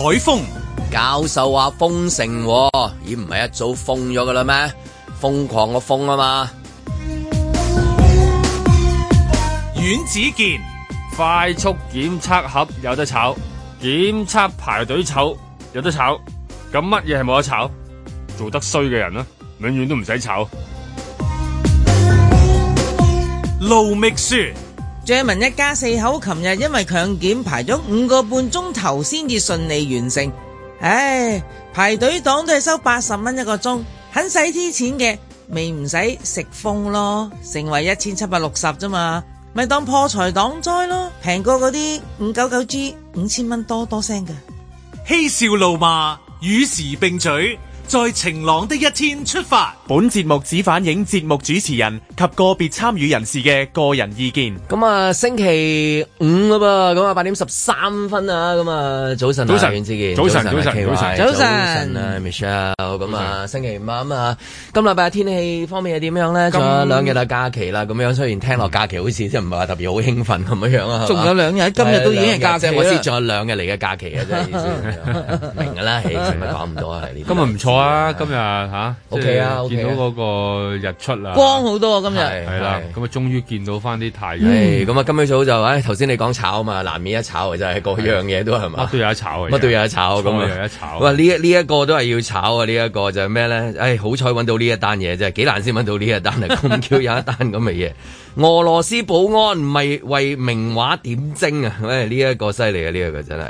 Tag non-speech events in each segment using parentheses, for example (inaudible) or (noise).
海風教授話封城喎，而唔係一早封咗噶啦咩？瘋狂嘅封啊嘛！阮子健快速檢測盒有得炒，檢測排隊炒有得炒，咁乜嘢係冇得炒？做得衰嘅人啦，啊，永遠都唔使炒。路明書借文一家四口，琴日因為強檢排咗五個半鐘頭，先至順利完成。唉，排隊黨都係收八十蚊一個鐘，肯使啲錢嘅，未唔使食風咯，成為一千七百六十啫嘛，咪當破財擋災咯，平過嗰啲五九九 G 五千蚊多多聲㗎。嬉笑怒罵與時並舉。在晴朗的一天出發。本節目只反映節目主持人及個別參與人士嘅個人意見。咁啊，星期五啦噃，咁啊八點十三分啊，咁啊早晨，早晨，袁志健，早晨，早晨，早晨，早晨啊，Michelle，咁啊星期五啊嘛，今禮拜天氣方面係點樣呢？仲有兩日啦，假期啦，咁樣雖然聽落假期好似，即係唔係話特別好興奮咁樣啊，仲有兩日，今日都已經係假期啦，意思仲有兩日嚟嘅假期嘅，即係明㗎啦，唔係講唔多啊，今日唔錯。啊，今日吓，OK 啊見到嗰個日出啦，光好多啊！今日係啦，咁啊，終於見到翻啲太陽。咁啊，今日早就誒頭先你講炒嘛，難免一炒就係各樣嘢都係嘛，都有一炒，乜都有一炒。咁啊，有一炒。哇！呢一呢一個都係要炒啊！呢一個就係咩咧？唉，好彩揾到呢一單嘢，真係幾難先揾到呢一單啊！咁橋有一單咁嘅嘢。俄羅斯保安唔係為名畫點睛啊！誒，呢一個犀利啊，呢一個真係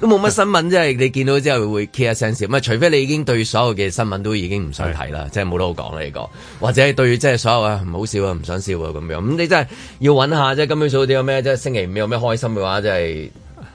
都冇乜新聞，真係 (laughs) 你見到之後會 care 一聲少，唔係除非你已經對所有嘅新聞都已經唔想睇啦，是的 即係冇得好講啦呢個， (laughs) 或者對對即係所有啊哎，唔好笑啊唔想笑啊咁樣，咁你真係要揾下即係今日做啲有咩即係星期五有咩開心嘅話即係。真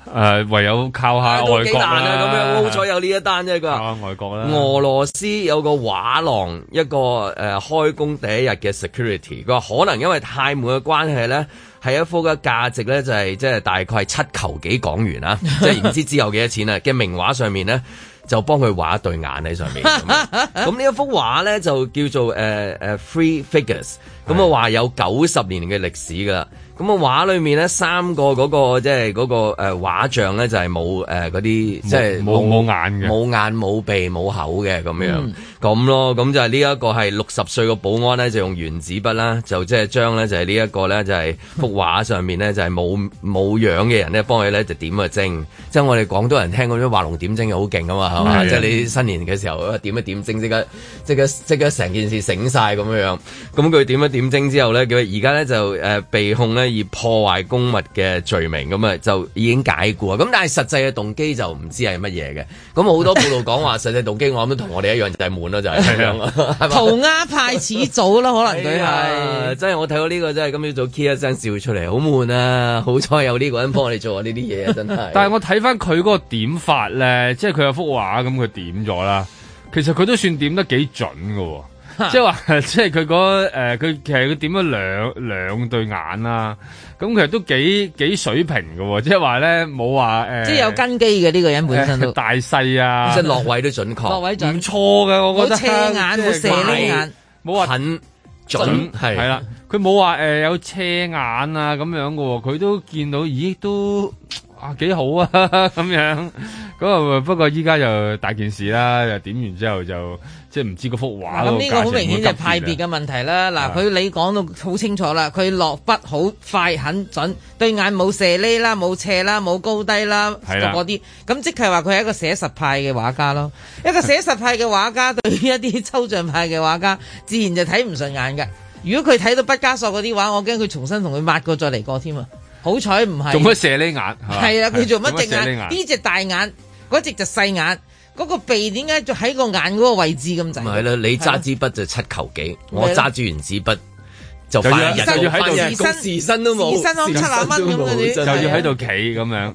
誒、呃，唯有靠下外國，啊！咁樣好彩有呢一單啫。佢話：外國啦，啊、國啦俄羅斯有個畫廊，一個誒、呃、開工第一日嘅 security，佢話可能因為太滿嘅關係咧，係一幅嘅價值咧就係、是、即係大概係七球幾港元啊！即係唔知之後幾多錢啊！嘅名畫上面咧，就幫佢畫一對眼喺上面。咁呢 (laughs) 一幅畫咧就叫做誒誒、呃呃、Free Figures，咁啊話有九十年嘅歷史噶。咁啊，畫裏面咧三個嗰個即係嗰個誒畫像咧，就係冇誒嗰啲即係冇冇眼嘅，冇眼冇鼻冇口嘅咁樣咁、嗯、咯。咁就係呢一個係六十歲個保安咧，就用原子筆啦，就即係將咧就係呢、就是、一個咧就係幅畫上面咧就係冇冇樣嘅人咧幫佢咧就點個睛。即係 (laughs) 我哋廣東人聽嗰啲畫龍點睛好勁啊嘛，係嘛的？即係你新年嘅時候點一點睛，即刻即刻即刻成件事醒晒咁樣樣。咁佢點一點睛之後咧，佢而家咧就誒被、呃、控咧。以破壞公物嘅罪名，咁啊就已經解雇啊！咁但係實際嘅動機就唔知係乜嘢嘅。咁好多報道講話實際動機， (laughs) 我諗都同我哋一樣就係悶咯，就係塗鴉派始祖咯，可能佢係、這個啊。真係 (laughs) 我睇到呢個真係，今朝早 key 一聲笑出嚟，好悶啊！好彩有呢個人幫我哋做呢啲嘢啊，真係。但係我睇翻佢嗰個點法咧，即係佢有幅畫咁，佢點咗啦，其實佢都算點得幾準噶。即係話，即係佢嗰誒，佢、呃、其實佢點樣兩兩對眼啊？咁其實都幾幾水平嘅，即係話咧冇話誒，呃、即係有根基嘅呢、這個人本身、呃、大細啊，即係落位都準確，唔錯嘅，我覺得。冇斜眼，冇斜呢眼，冇話說很準係啦。佢冇話誒有斜眼啊咁樣嘅，佢都見到，咦都啊幾好啊咁樣。咁啊不過依家就大件事啦，就點完之後就。即係唔知嗰幅畫。咁呢個好明顯就係派別嘅問題啦。嗱的，佢你講到好清楚啦，佢落筆好快很準，對眼冇射呢啦，冇斜啦，冇高低啦，就嗰啲。咁即係話佢係一個寫實派嘅畫家咯。一個寫實派嘅畫家，對於一啲抽象派嘅畫家， (laughs) 自然就睇唔順眼嘅。如果佢睇到畢加索嗰啲畫，我驚佢重新同佢抹過再嚟過添啊。好彩唔係。做乜射呢眼？係啊，佢做乜隻眼？呢隻大眼，嗰隻就細眼。嗰個鼻點解就喺個眼嗰個位置咁滯？唔係啦，你揸支筆就七球幾，我揸住原子筆就翻嚟，翻要身都冇，起身攞七百蚊咁嗰啲，就要喺度企咁樣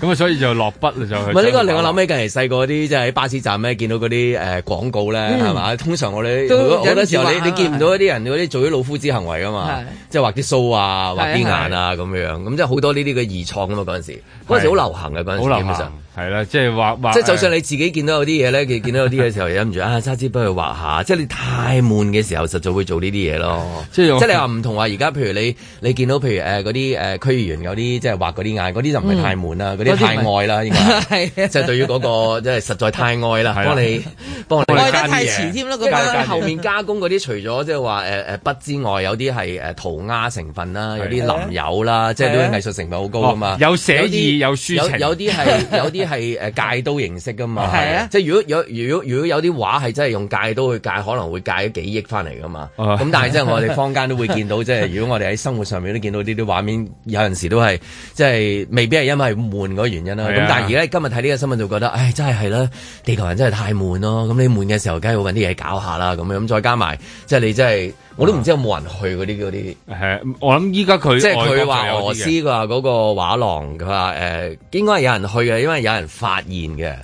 咁啊，所以就落筆就去。唔係呢個令我諗起近期細個嗰啲，即係喺巴士站咧見到嗰啲誒廣告咧，係嘛？通常我哋好多時候你你見唔到一啲人嗰啲做啲老夫子行為噶嘛？即係畫啲鬚啊，畫啲眼啊咁樣。咁即係好多呢啲嘅二創啊嘛！嗰時，嗰時好流行嘅嗰時基本上。係啦，即係畫畫。即係，就算你自己見到有啲嘢咧，其實見到有啲嘢時候忍唔住啊，揸支筆去畫下。即係你太悶嘅時候，實在會做呢啲嘢咯。即係，你話唔同話，而家譬如你你見到譬如誒嗰啲誒區議員有啲即係畫嗰啲眼，嗰啲就唔係太悶啦，嗰啲太愛啦應該。係就對於嗰個即係實在太愛啦，幫你幫你加得太遲添啦咁樣。後面加工嗰啲，除咗即係話誒誒筆之外，有啲係誒塗鴉成分啦，有啲淋油啦，即係啲藝術成分好高啊嘛。有寫意，有抒情。有啲係有啲。係誒戒刀形式噶嘛，即係、啊、的如,如,如果有如果如果有啲畫係真係用戒刀去戒，可能會戒咗幾億翻嚟噶嘛。咁、啊、但係即係我哋坊間都會見到，即係 (laughs) 如果我哋喺生活上面都見到呢啲畫面，有陣時都係即係未必係因為悶嗰原因啦。咁的但係而家今日睇呢個新聞就覺得，唉、哎，真係係啦，地球人真係太悶咯。咁你悶嘅時候，梗係要搵啲嘢搞下啦。咁樣咁再加埋，即係你真係。我都唔知有冇人去嗰啲嗰啲，我諗依家佢即係佢話我知佢話嗰個畫廊佢話，誒，應該係有人去嘅，因為有人發現嘅。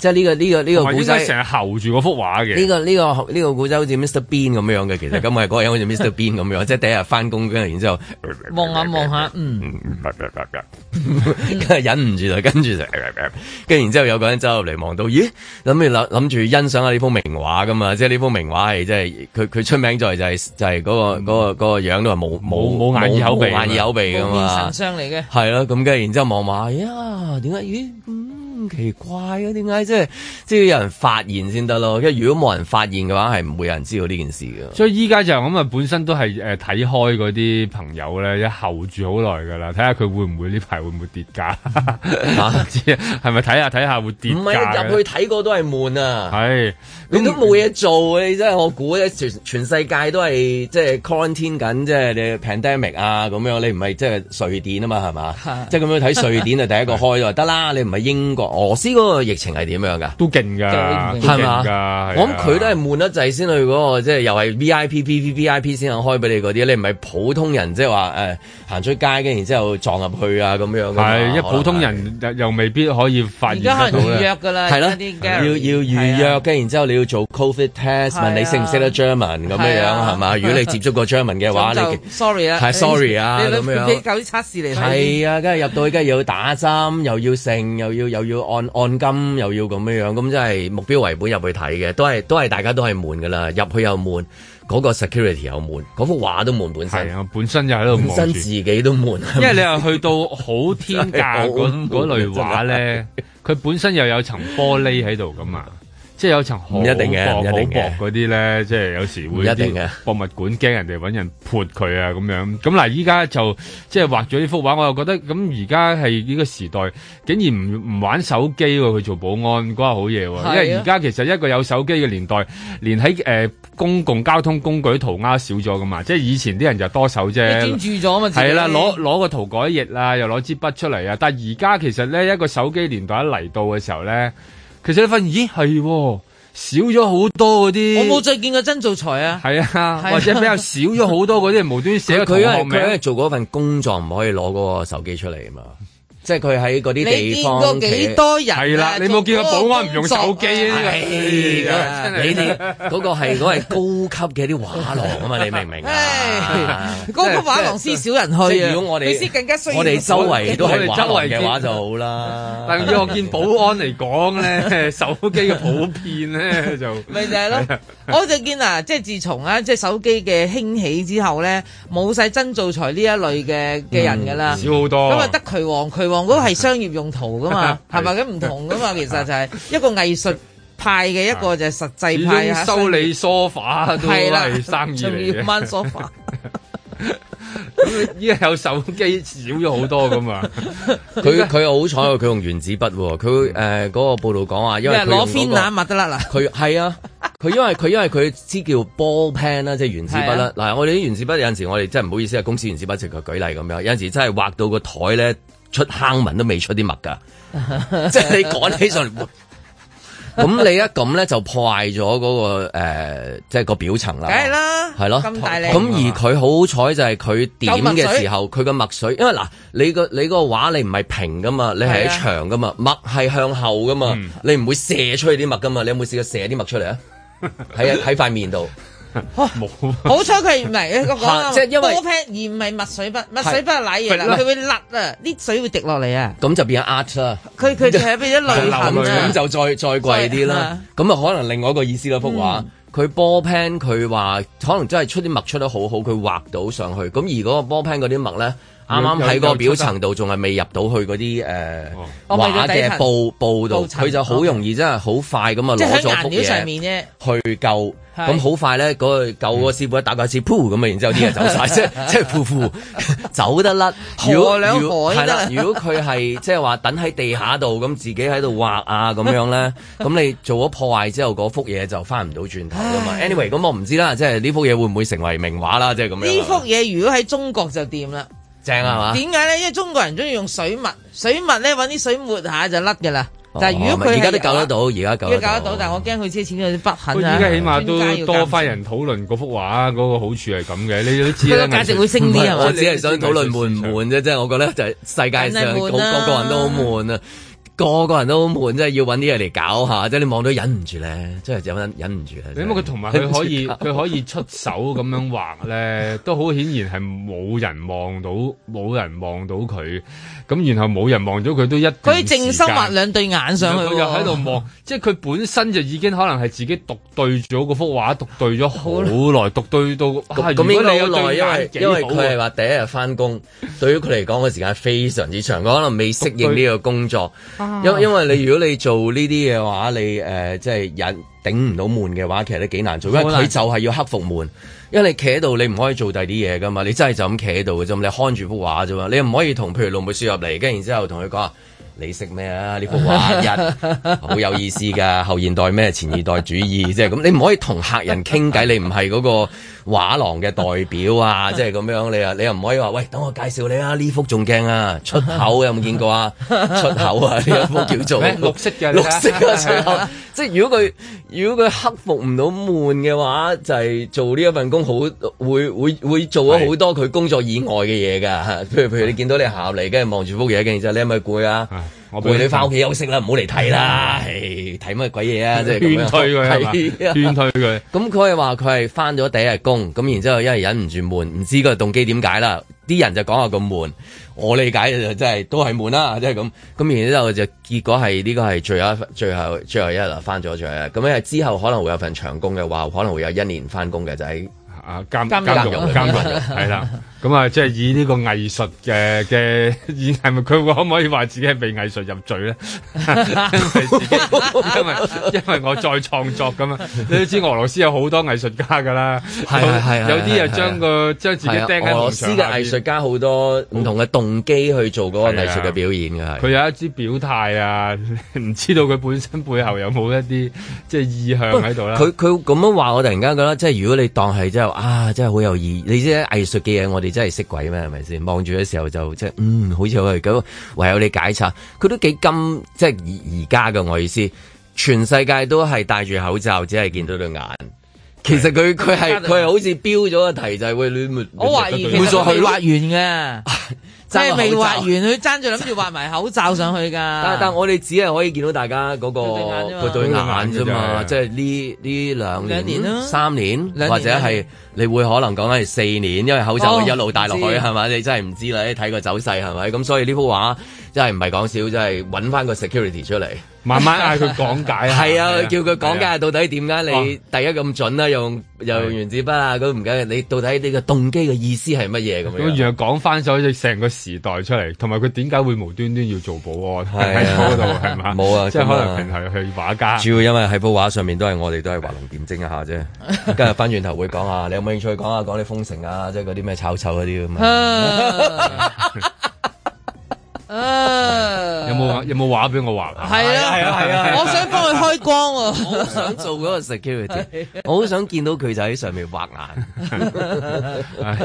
即係、呢、呢個呢、呢個呢、呢個古仔，成日候住嗰幅畫嘅。呢、呢個呢、呢個呢、呢個古仔好似 Mr. Bean 咁樣嘅，其實咁咪嗰人好似 Mr. Bean 咁樣， (laughs) 即係第一日翻工跟住，然之後望下望下，嗯，跟住忍唔住就跟住就，跟住然之後有個人走入嚟望到，咦？諗住諗住欣賞下呢幅名畫㗎嘛，即係呢幅名畫係即係佢佢出名在就係就係嗰個嗰個嗰個樣都係冇冇冇眼耳口鼻，眼耳口鼻㗎嘛。神像嚟嘅。係咯，咁跟住然之後望下，咦？點解？咦？咁奇怪啊！點解即係即係有人發現先得咯？因為如果冇人發現嘅話，係唔會有人知道呢件事嘅。所以依家就咁啊，本身都係呃、睇開嗰啲朋友咧，一候住好耐㗎啦，睇下佢會唔會呢排會唔會跌價？唔知係咪睇下睇下會跌價？唔係，入去睇過都係悶啊！係你是都冇嘢做，你真係我估咧，全世界都係、呃、 (laughs) 即係 contain 緊，即係你 pandemic 啊咁樣。你唔係即係瑞典啊嘛，係嘛？ (laughs) 即係咁樣睇瑞典啊，第一個開就得 (laughs) 啦。你唔係英國。俄斯嗰個疫情係點樣噶？都勁噶，係嘛？噶，我諗佢都係悶得滯先去嗰個，即係又係 V I P v V I P 先開俾你嗰啲，你唔係普通人，即係話誒行出街嘅，然之後撞入去啊咁樣。係一普通人又未必可以發現得到。而家要預約噶啦，係咯，要要預約嘅，然之後你要做 Covid test，問你識唔識得 German 咁樣樣係嘛？如果你接觸過 German 嘅話，你 sorry 啊，係 sorry 啊咁樣，搞啲測試嚟睇。係啊，跟住入到去，跟住又要打針，又要剩，又要又要。按按金又要咁樣樣，咁即係目標為本入去睇嘅，都係都係大家都係悶噶啦，入去又悶，嗰、嗰個 security 又悶，嗰幅畫都悶，本身係啊，本身又喺度悶，本身自己都悶，因為你又去到好天價嗰嗰類畫咧，佢真的 (laughs) 本身又有層玻璃喺度噶嘛。 (laughs) 即係有一層好薄、好薄嗰啲咧，即係有時會啲博物館驚人哋搵人潑佢啊咁樣。咁嗱，依家就即係畫咗呢幅畫，我又覺得咁而家係呢個時代，竟然唔唔玩手機喎、啊？去做保安嗰好嘢喎，啊啊、因為而家其實一個有手機嘅年代，連喺、呃、公共交通工具塗鴉少咗噶嘛。即係以前啲人就多手啫，專注咗嘛、啊。係啦，攞攞個塗改液啦、啊，又攞支筆出嚟啊。但係而家其實咧，一個手機年代一嚟到嘅時候咧。其實你發現，咦係少咗好多嗰啲，我冇再見過曾做才啊，係啊的，的或者比較少咗好多嗰啲無端寫佢。 (laughs) 寫同學名，佢因為做嗰份工作唔可以攞嗰個手機出嚟啊嘛。即係佢喺嗰啲地方，你見過幾多人？係啦，你有冇見過保安唔用手機？係啊，你哋嗰個係嗰個係高級嘅啲畫廊啊嘛，你明唔明啊？嗰個畫廊先少人去啊！如果我哋更加需要我哋周圍都係周圍嘅話就好啦。但係我見保安嚟講咧，手機嘅普遍咧就咪就係咯。我就見啊，即係自從啊，即係手機嘅興起之後咧，冇曬真造財呢一類嘅嘅人㗎啦，少好多。咁啊，得佢王，佢王。嗰個係商業用途噶嘛，係咪 (laughs) 吧？咁唔同噶嘛，其實就係一個藝術派嘅 (laughs) 一個就係實際派啊，修理 sofa 都係生意嚟嘅，賣 sofa。依家 (laughs) 有手機少咗好多噶嘛，佢佢好彩佢用原子筆、啊，佢誒嗰個報道講話，因為攞鉛筆抹得甩啦。佢係啊，佢因為佢因為佢知叫 ball pen 啦，即係原子筆啦。嗱，我哋啲原子筆有陣時我哋真係唔好意思啊，公司原子筆直佢舉例咁樣，有陣時真係畫到個台咧。出坑文都未出啲墨噶， (laughs) 即係你趕起上嚟。咁 (laughs) 你一咁咧就破壞咗嗰個誒，即、呃、係、就是、個表層啦。梗係啦，係咯了。咁大你咁而佢好彩就係佢點嘅時候，佢嘅墨水，因為嗱，你、那個你個畫你唔係平噶嘛，你係喺長噶嘛，墨係、啊、向後噶嘛， (laughs) 你唔會射出去啲墨噶嘛。你有冇試過射啲墨出嚟啊？喺喺塊面度。冇，好彩佢唔係嗰個，即係因為 ball pen 而唔係墨水筆，墨水筆係瀨嘢，佢會甩啊，啲水會滴落嚟啊，咁就變咗 out 啦。佢佢就變咗淚痕啊。咁就再再貴啲啦。咁啊，可能另外一個意思咯，幅畫佢 ball pen，佢話可能真係出啲墨出得好好，佢畫到上去。咁而嗰個 ball pen 嗰啲墨咧，啱啱喺個表層度，仲係未入到去嗰啲誒畫嘅布布度，佢就好容易真係好快咁啊攞咗幅嘢去救。咁好是快咧，嗰、那個、舊個師傅一打個字 p 咁啊，然之後啲人走晒， (laughs) 即即係噗噗 (laughs) 走得甩。如果如果係啦，如果佢係即係話等喺地下度，咁自己喺度畫啊咁樣咧，咁 (laughs) 你做咗破壞之後，嗰幅嘢就翻唔到轉頭噶嘛。唉 anyway，咁我唔知啦，即係呢幅嘢會唔會成為名畫啦？即係咁樣。呢幅嘢如果喺中國就掂啦，正係嘛。點解咧？因為中國人中意用水墨，水墨咧搵啲水抹下就甩㗎啦。但係、哦、如果佢而家都搞得到，而家搞得到。依家救得到，但係我驚佢啲錢有啲不肯，而家起碼都多翻人討論嗰幅畫嗰、嗰個好處係咁嘅，你都知啦。佢價值會升啲係嘛？是啊、我只係想討論悶唔悶啫，即係我覺得就係世界上、啊、個個人都好悶啊。個個人都悶，真係要搵啲嘢嚟搞下，即係你望到忍唔住咧，即係又揾忍唔住咧。因為佢同埋佢可以，佢可以出手咁樣畫咧， (laughs) 都好顯然係冇人望到，冇人望到佢。咁然後冇人望到佢都一佢靜心畫兩對眼上去，佢又喺度望。 (laughs) 即係佢本身就已經可能係自己讀對咗嗰幅畫，讀對咗好耐， (laughs) 讀對到咁、啊、那你有耐？因為佢係話第一日翻工， (laughs) 對於佢嚟講嘅時間非常之長，佢可能未適應呢個工作。因因為你如果你做呢啲嘅話，你誒即係忍頂唔到悶嘅話，其實都幾難做，因為佢就係要克服悶。因為你企喺度，你唔可以做第二啲嘢噶嘛，你真係就咁企喺度嘅啫，你看住幅畫啫嘛，你唔可以同譬如老妹輸入嚟，來然跟然之後同佢講，你識咩啊？呢幅畫好有意思㗎，後現代咩前二代主義即係咁，你唔可以同客人傾偈，你唔係嗰個，畫廊嘅代表啊， (laughs) 即係咁樣你啊，你又唔可以話喂，等我介紹你啊，呢幅仲驚啊，出口有冇見過啊？出口啊，呢 (laughs) 幅叫做綠色嘅，綠色嘅出口。即係如果佢如果佢克服唔到悶嘅話，就係、是、做呢一份工好會會會做咗好多佢工作以外嘅嘢噶。譬如譬如你見到你下嚟，跟住望住幅嘢，跟住就你係咪攰啊？ (laughs) 我陪你翻屋企休息啦，唔好嚟睇啦，唉、哎，睇乜鬼嘢啊！即係勸退佢啦，勸退佢。咁佢係話佢係翻咗第一日工，咁然之後因為忍唔住悶，唔知個動機點解啦。啲人就講話咁悶，我理解就真、是、係都係悶啦，即係咁。咁然之後就結果係呢個係最，最，最後一、最後最後一日翻咗咗啦。咁因為之後可能會有份長工嘅話，可能會有一年翻工嘅就喺啊監監獄監獄係啦。 (laughs) 咁啊，即係以呢個藝術嘅嘅，係咪佢可唔可以話自己係被藝術入罪咧？ (laughs) 因為， (laughs) 因，為因為我再創作咁 (laughs) 有啊，你都知俄羅斯有好多藝術家噶啦，係係有啲又將個將、啊、自己釘喺牆上。俄羅斯嘅藝術家好多唔同嘅動機去做嗰個藝術嘅表演嘅，佢、啊啊、有一啲表態啊，唔知道佢本身背後有冇一啲即係意向喺度咧。佢佢咁樣話，我突然間覺得，即係如果你當係即係啊，真係好有意義。你知藝術嘅嘢，我哋。真係識鬼咩？係咪先望住嘅時候就即係，嗯，好似我哋咁，唯有你解察，佢都幾咁，即係而而家嘅我意思，全世界都係戴住口罩，只係見到對眼。其實佢佢係佢係好似標咗個題就係會亂抹。我懷疑會再去挖完嘅。 (laughs) 即係未畫完，佢爭住諗住畫埋口罩上去噶。 (laughs) 但但我哋只係可以見到大家嗰，那個佢對眼啫嘛，即係呢呢兩年，年三年，兩年，兩年或者係你會可能講緊係四年，因為口罩會一路戴落去係咪、哦？你真係唔知啦，睇個走勢係咪？咁所以呢幅畫真係唔係講笑，真係搵翻個 security 出嚟。慢慢嗌佢講解係係 (laughs) 啊，啊啊啊叫佢講解、啊、到底點解你第一咁準啊，哦、用又用原子筆啊，咁唔緊要，你到底你個動機嘅意思係乜嘢咁樣？咁原來講翻咗成個時代出嚟，同埋佢點解會無端端要做保安喺嗰度係冇啊，即係、啊、可能平時去畫家、啊。主要因為喺幅畫上面都係我哋都係畫龍點睛一下啫。今日翻轉頭會講下，你有冇興趣講下講啲封城啊，即係嗰啲咩臭臭嗰啲咁啊？ (laughs) (laughs) 啊！有冇畫？有冇畫俾我畫？係啊係啊係啊！啊啊啊我想幫佢開光啊！ (laughs) 我想做嗰個 security，、啊、我好想見到佢就喺上面畫眼、 (laughs) (laughs) 哎。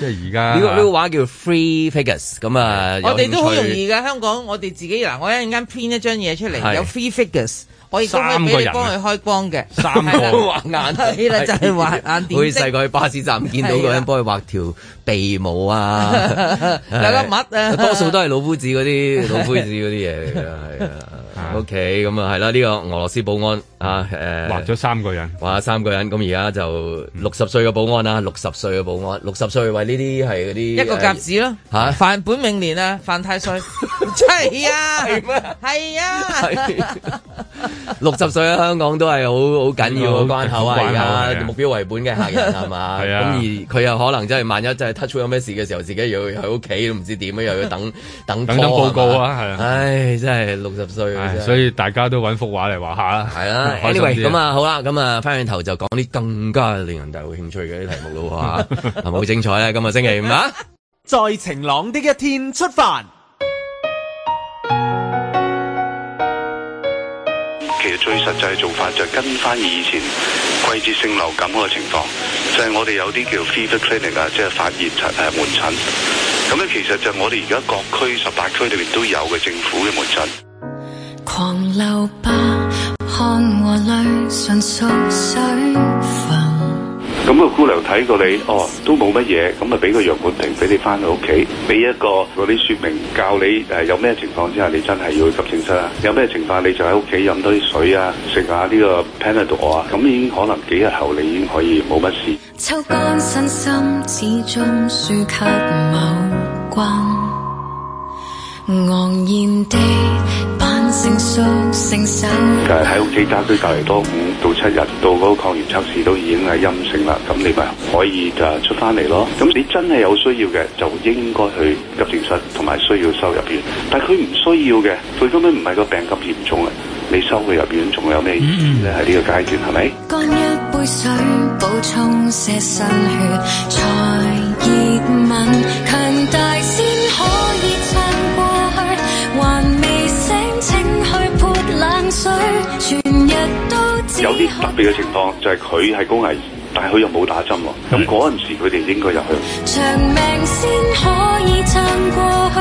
即係而家呢個呢、這個畫叫 free figures 咁啊！啊我哋都好容易㗎！香港我哋自己嗱，我一陣間 print 一張嘢出嚟，、啊，有 free figures。以可以咁樣俾你幫佢開光嘅，啊，三個人，啊、了畫眼、啊，係啦， (laughs) 就係、是、畫眼點。背細個去巴士站見到個人幫佢畫條鼻毛啊，大個乜？啊，是的 (laughs) 多數都係老夫子嗰啲 (laughs) 老夫子嗰啲嘢嚟㗎。O K，咁啊係啦，呢個俄羅斯保安啊，誒，話咗三個人，話三個人，咁而家就六十歲嘅保安啦，六十歲嘅保安，六十歲，喂，呢啲係嗰啲一個甲子咯，吓，犯本命年啊，犯太歲，真係啊，係咩？係啊，六十歲喺香港都係好好緊要嘅關口啊，而家目標為本嘅客人係嘛，咁而佢又可能真係萬一即係 touch 出有咩事嘅時候，自己又要喺屋企都唔知點樣，又要等等等等報告啊，係啊，唉，真係六十歲。 (music) 所以大家都揾幅畫嚟畫下啦，係啦的。 (laughs) anyway，咁啊好啦，咁啊翻轉頭就講啲更加令人大好興趣嘅啲題目啦，吓好、 (laughs) 嗯、精彩咧！今日星期五啊， (laughs) 在晴朗的一天出發。 (music) 其實最實際嘅做法就係跟翻以前季節性流感嗰個情況，就係、是、我哋有啲叫 fever clinic 啊，即係發熱診啊門診。咁咧，其實就係我哋而家各區十八區裏邊都有嘅政府嘅門診。黃樓巴坑我女迅速水坊。咁個姑娘睇過你哦都冇乜嘢，咁就畀個楊冠庭畀你返去屋企，畀一個如果你說明教你、呃、有咩情況之下你真係要去急症室啦、啊。有咩情況你就喺屋企喝多啲水呀、啊、食下呢個 Panadour, 咁、啊、已經可能幾日後你已經可以冇乜事。秋丹身心始終樹客謀光昂然地就喺屋企家居隔離多五到七日，到嗰個抗原測試都已經係陰性啦，咁你咪可以就出翻嚟咯。咁你真係有需要嘅，就應該去急症室同埋需要收入院。但係佢唔需要嘅，佢根本唔係個病咁嚴重啊，你收佢入院仲有咩意義咧？喺呢個階段係咪？Hmm. 吧有啲特別嘅情況，就係佢係高危，但係佢又冇打針喎。咁嗰陣時，佢哋應該入去。長命先可以撐過去，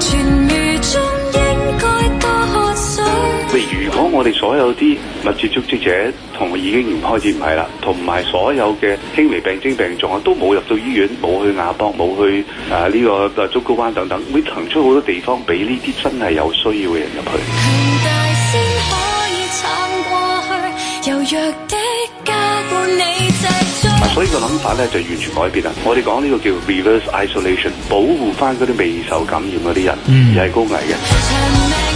痊愈中應該多喝水。例如如果我哋所有啲密切接觸者同已經唔開始唔係啦，同埋所有嘅輕微病徵病狀啊，都冇入到醫院，冇去亞博，冇去啊呢個竹篙灣等等，會騰出好多地方俾呢啲真係有需要嘅人入去。 (music) 所以個諗法咧就完全改變啦。我哋講呢個叫 reverse isolation，保護翻嗰啲未受感染嗰啲人，mm. 而係高危嘅。 (music)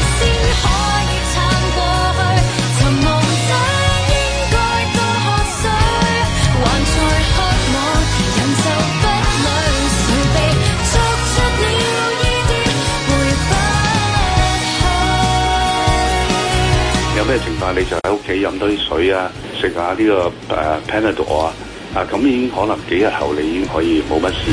咩情況？你就喺屋企飲多啲水啊，食下呢、這個誒、呃、panadol 啊，啊咁已經可能幾日後你已經可以冇乜事。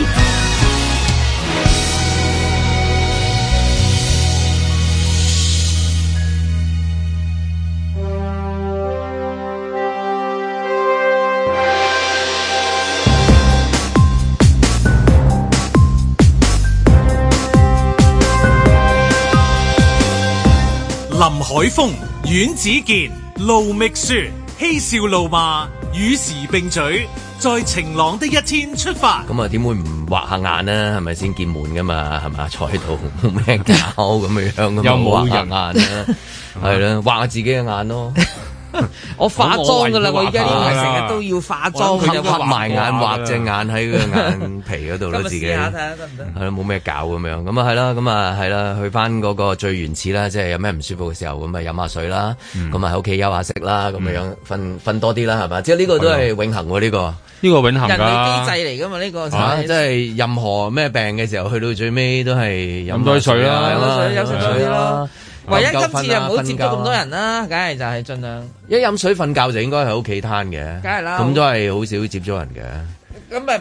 林海峰。遠子健路覓雪，嬉笑怒罵與時並舉，在晴朗的一天出發。咁啊，點會唔畫下眼呢？係咪先見門噶嘛？係咪啊？坐喺度咩搞咁嘅樣， (laughs) 有冇人眼啊？係啦， (laughs) 畫下自己嘅眼咯。 (laughs) 我化妝噶啦，我而家呢啲成日都要化妝。佢又合埋眼畫隻眼喺個眼皮嗰度啦，自己係咯，冇咩搞咁樣。咁啊，係啦，咁啊，係啦，去翻嗰個最原始啦，即係有咩唔舒服嘅時候，咁咪飲下水啦，咁咪喺屋企休下息啦，咁樣瞓瞓多啲啦，係嘛？即係呢個都係永恆喎，呢個呢個永恆嘅機制嚟噶嘛？呢個即係任何咩病嘅時候，去到最尾都係飲多啲水啦，休息多啲啦。唯一、啊、今次又唔好接觸咁多人啦、啊，梗係、啊、就係盡量一飲水瞓覺就應該喺屋企攤嘅，梗係啦，咁都係好少接觸人嘅。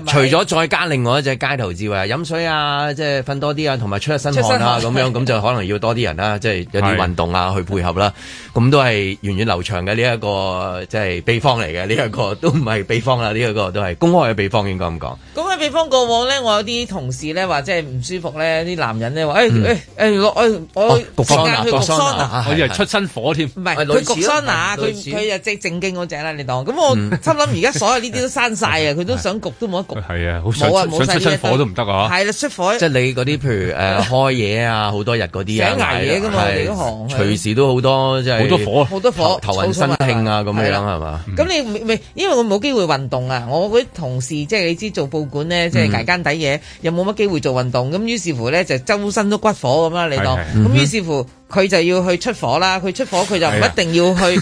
除咗再加另外一隻街頭智慧飲水啊，即係瞓多啲啊，同埋出一身汗啦，咁樣咁就可能要多啲人啦，即係有啲運動啊去配合啦，咁都係源遠流長嘅呢一個即係秘方嚟嘅，呢一個都唔係秘方啦，呢一個都係公開嘅秘方，應該咁講。公開秘方過往呢，我有啲同事呢話即係唔舒服呢，啲男人呢話誒誒我我我時間去焗桑拿，我以為出身火添，唔係佢焗桑拿，佢佢就即係正經嗰隻啦，你當咁我心諗而家所有呢啲都刪晒啊，佢都想焗。都冇得焗啊！好啊！想出出火都唔得啊！係啦，出火即係你嗰啲，譬如誒開嘢啊，好多日嗰啲人捱夜㗎嘛，都行隨時都好多，即係好多火，好多火頭暈、身慶啊咁樣係嘛？咁你咪因為我冇機會運動啊，我嗰啲同事即係你知做報館咧，即係捱間底嘢，又冇乜機會做運動，咁於是乎咧就周身都骨火咁啦。你當咁於是乎佢就要去出火啦，佢出火佢就唔一定要去。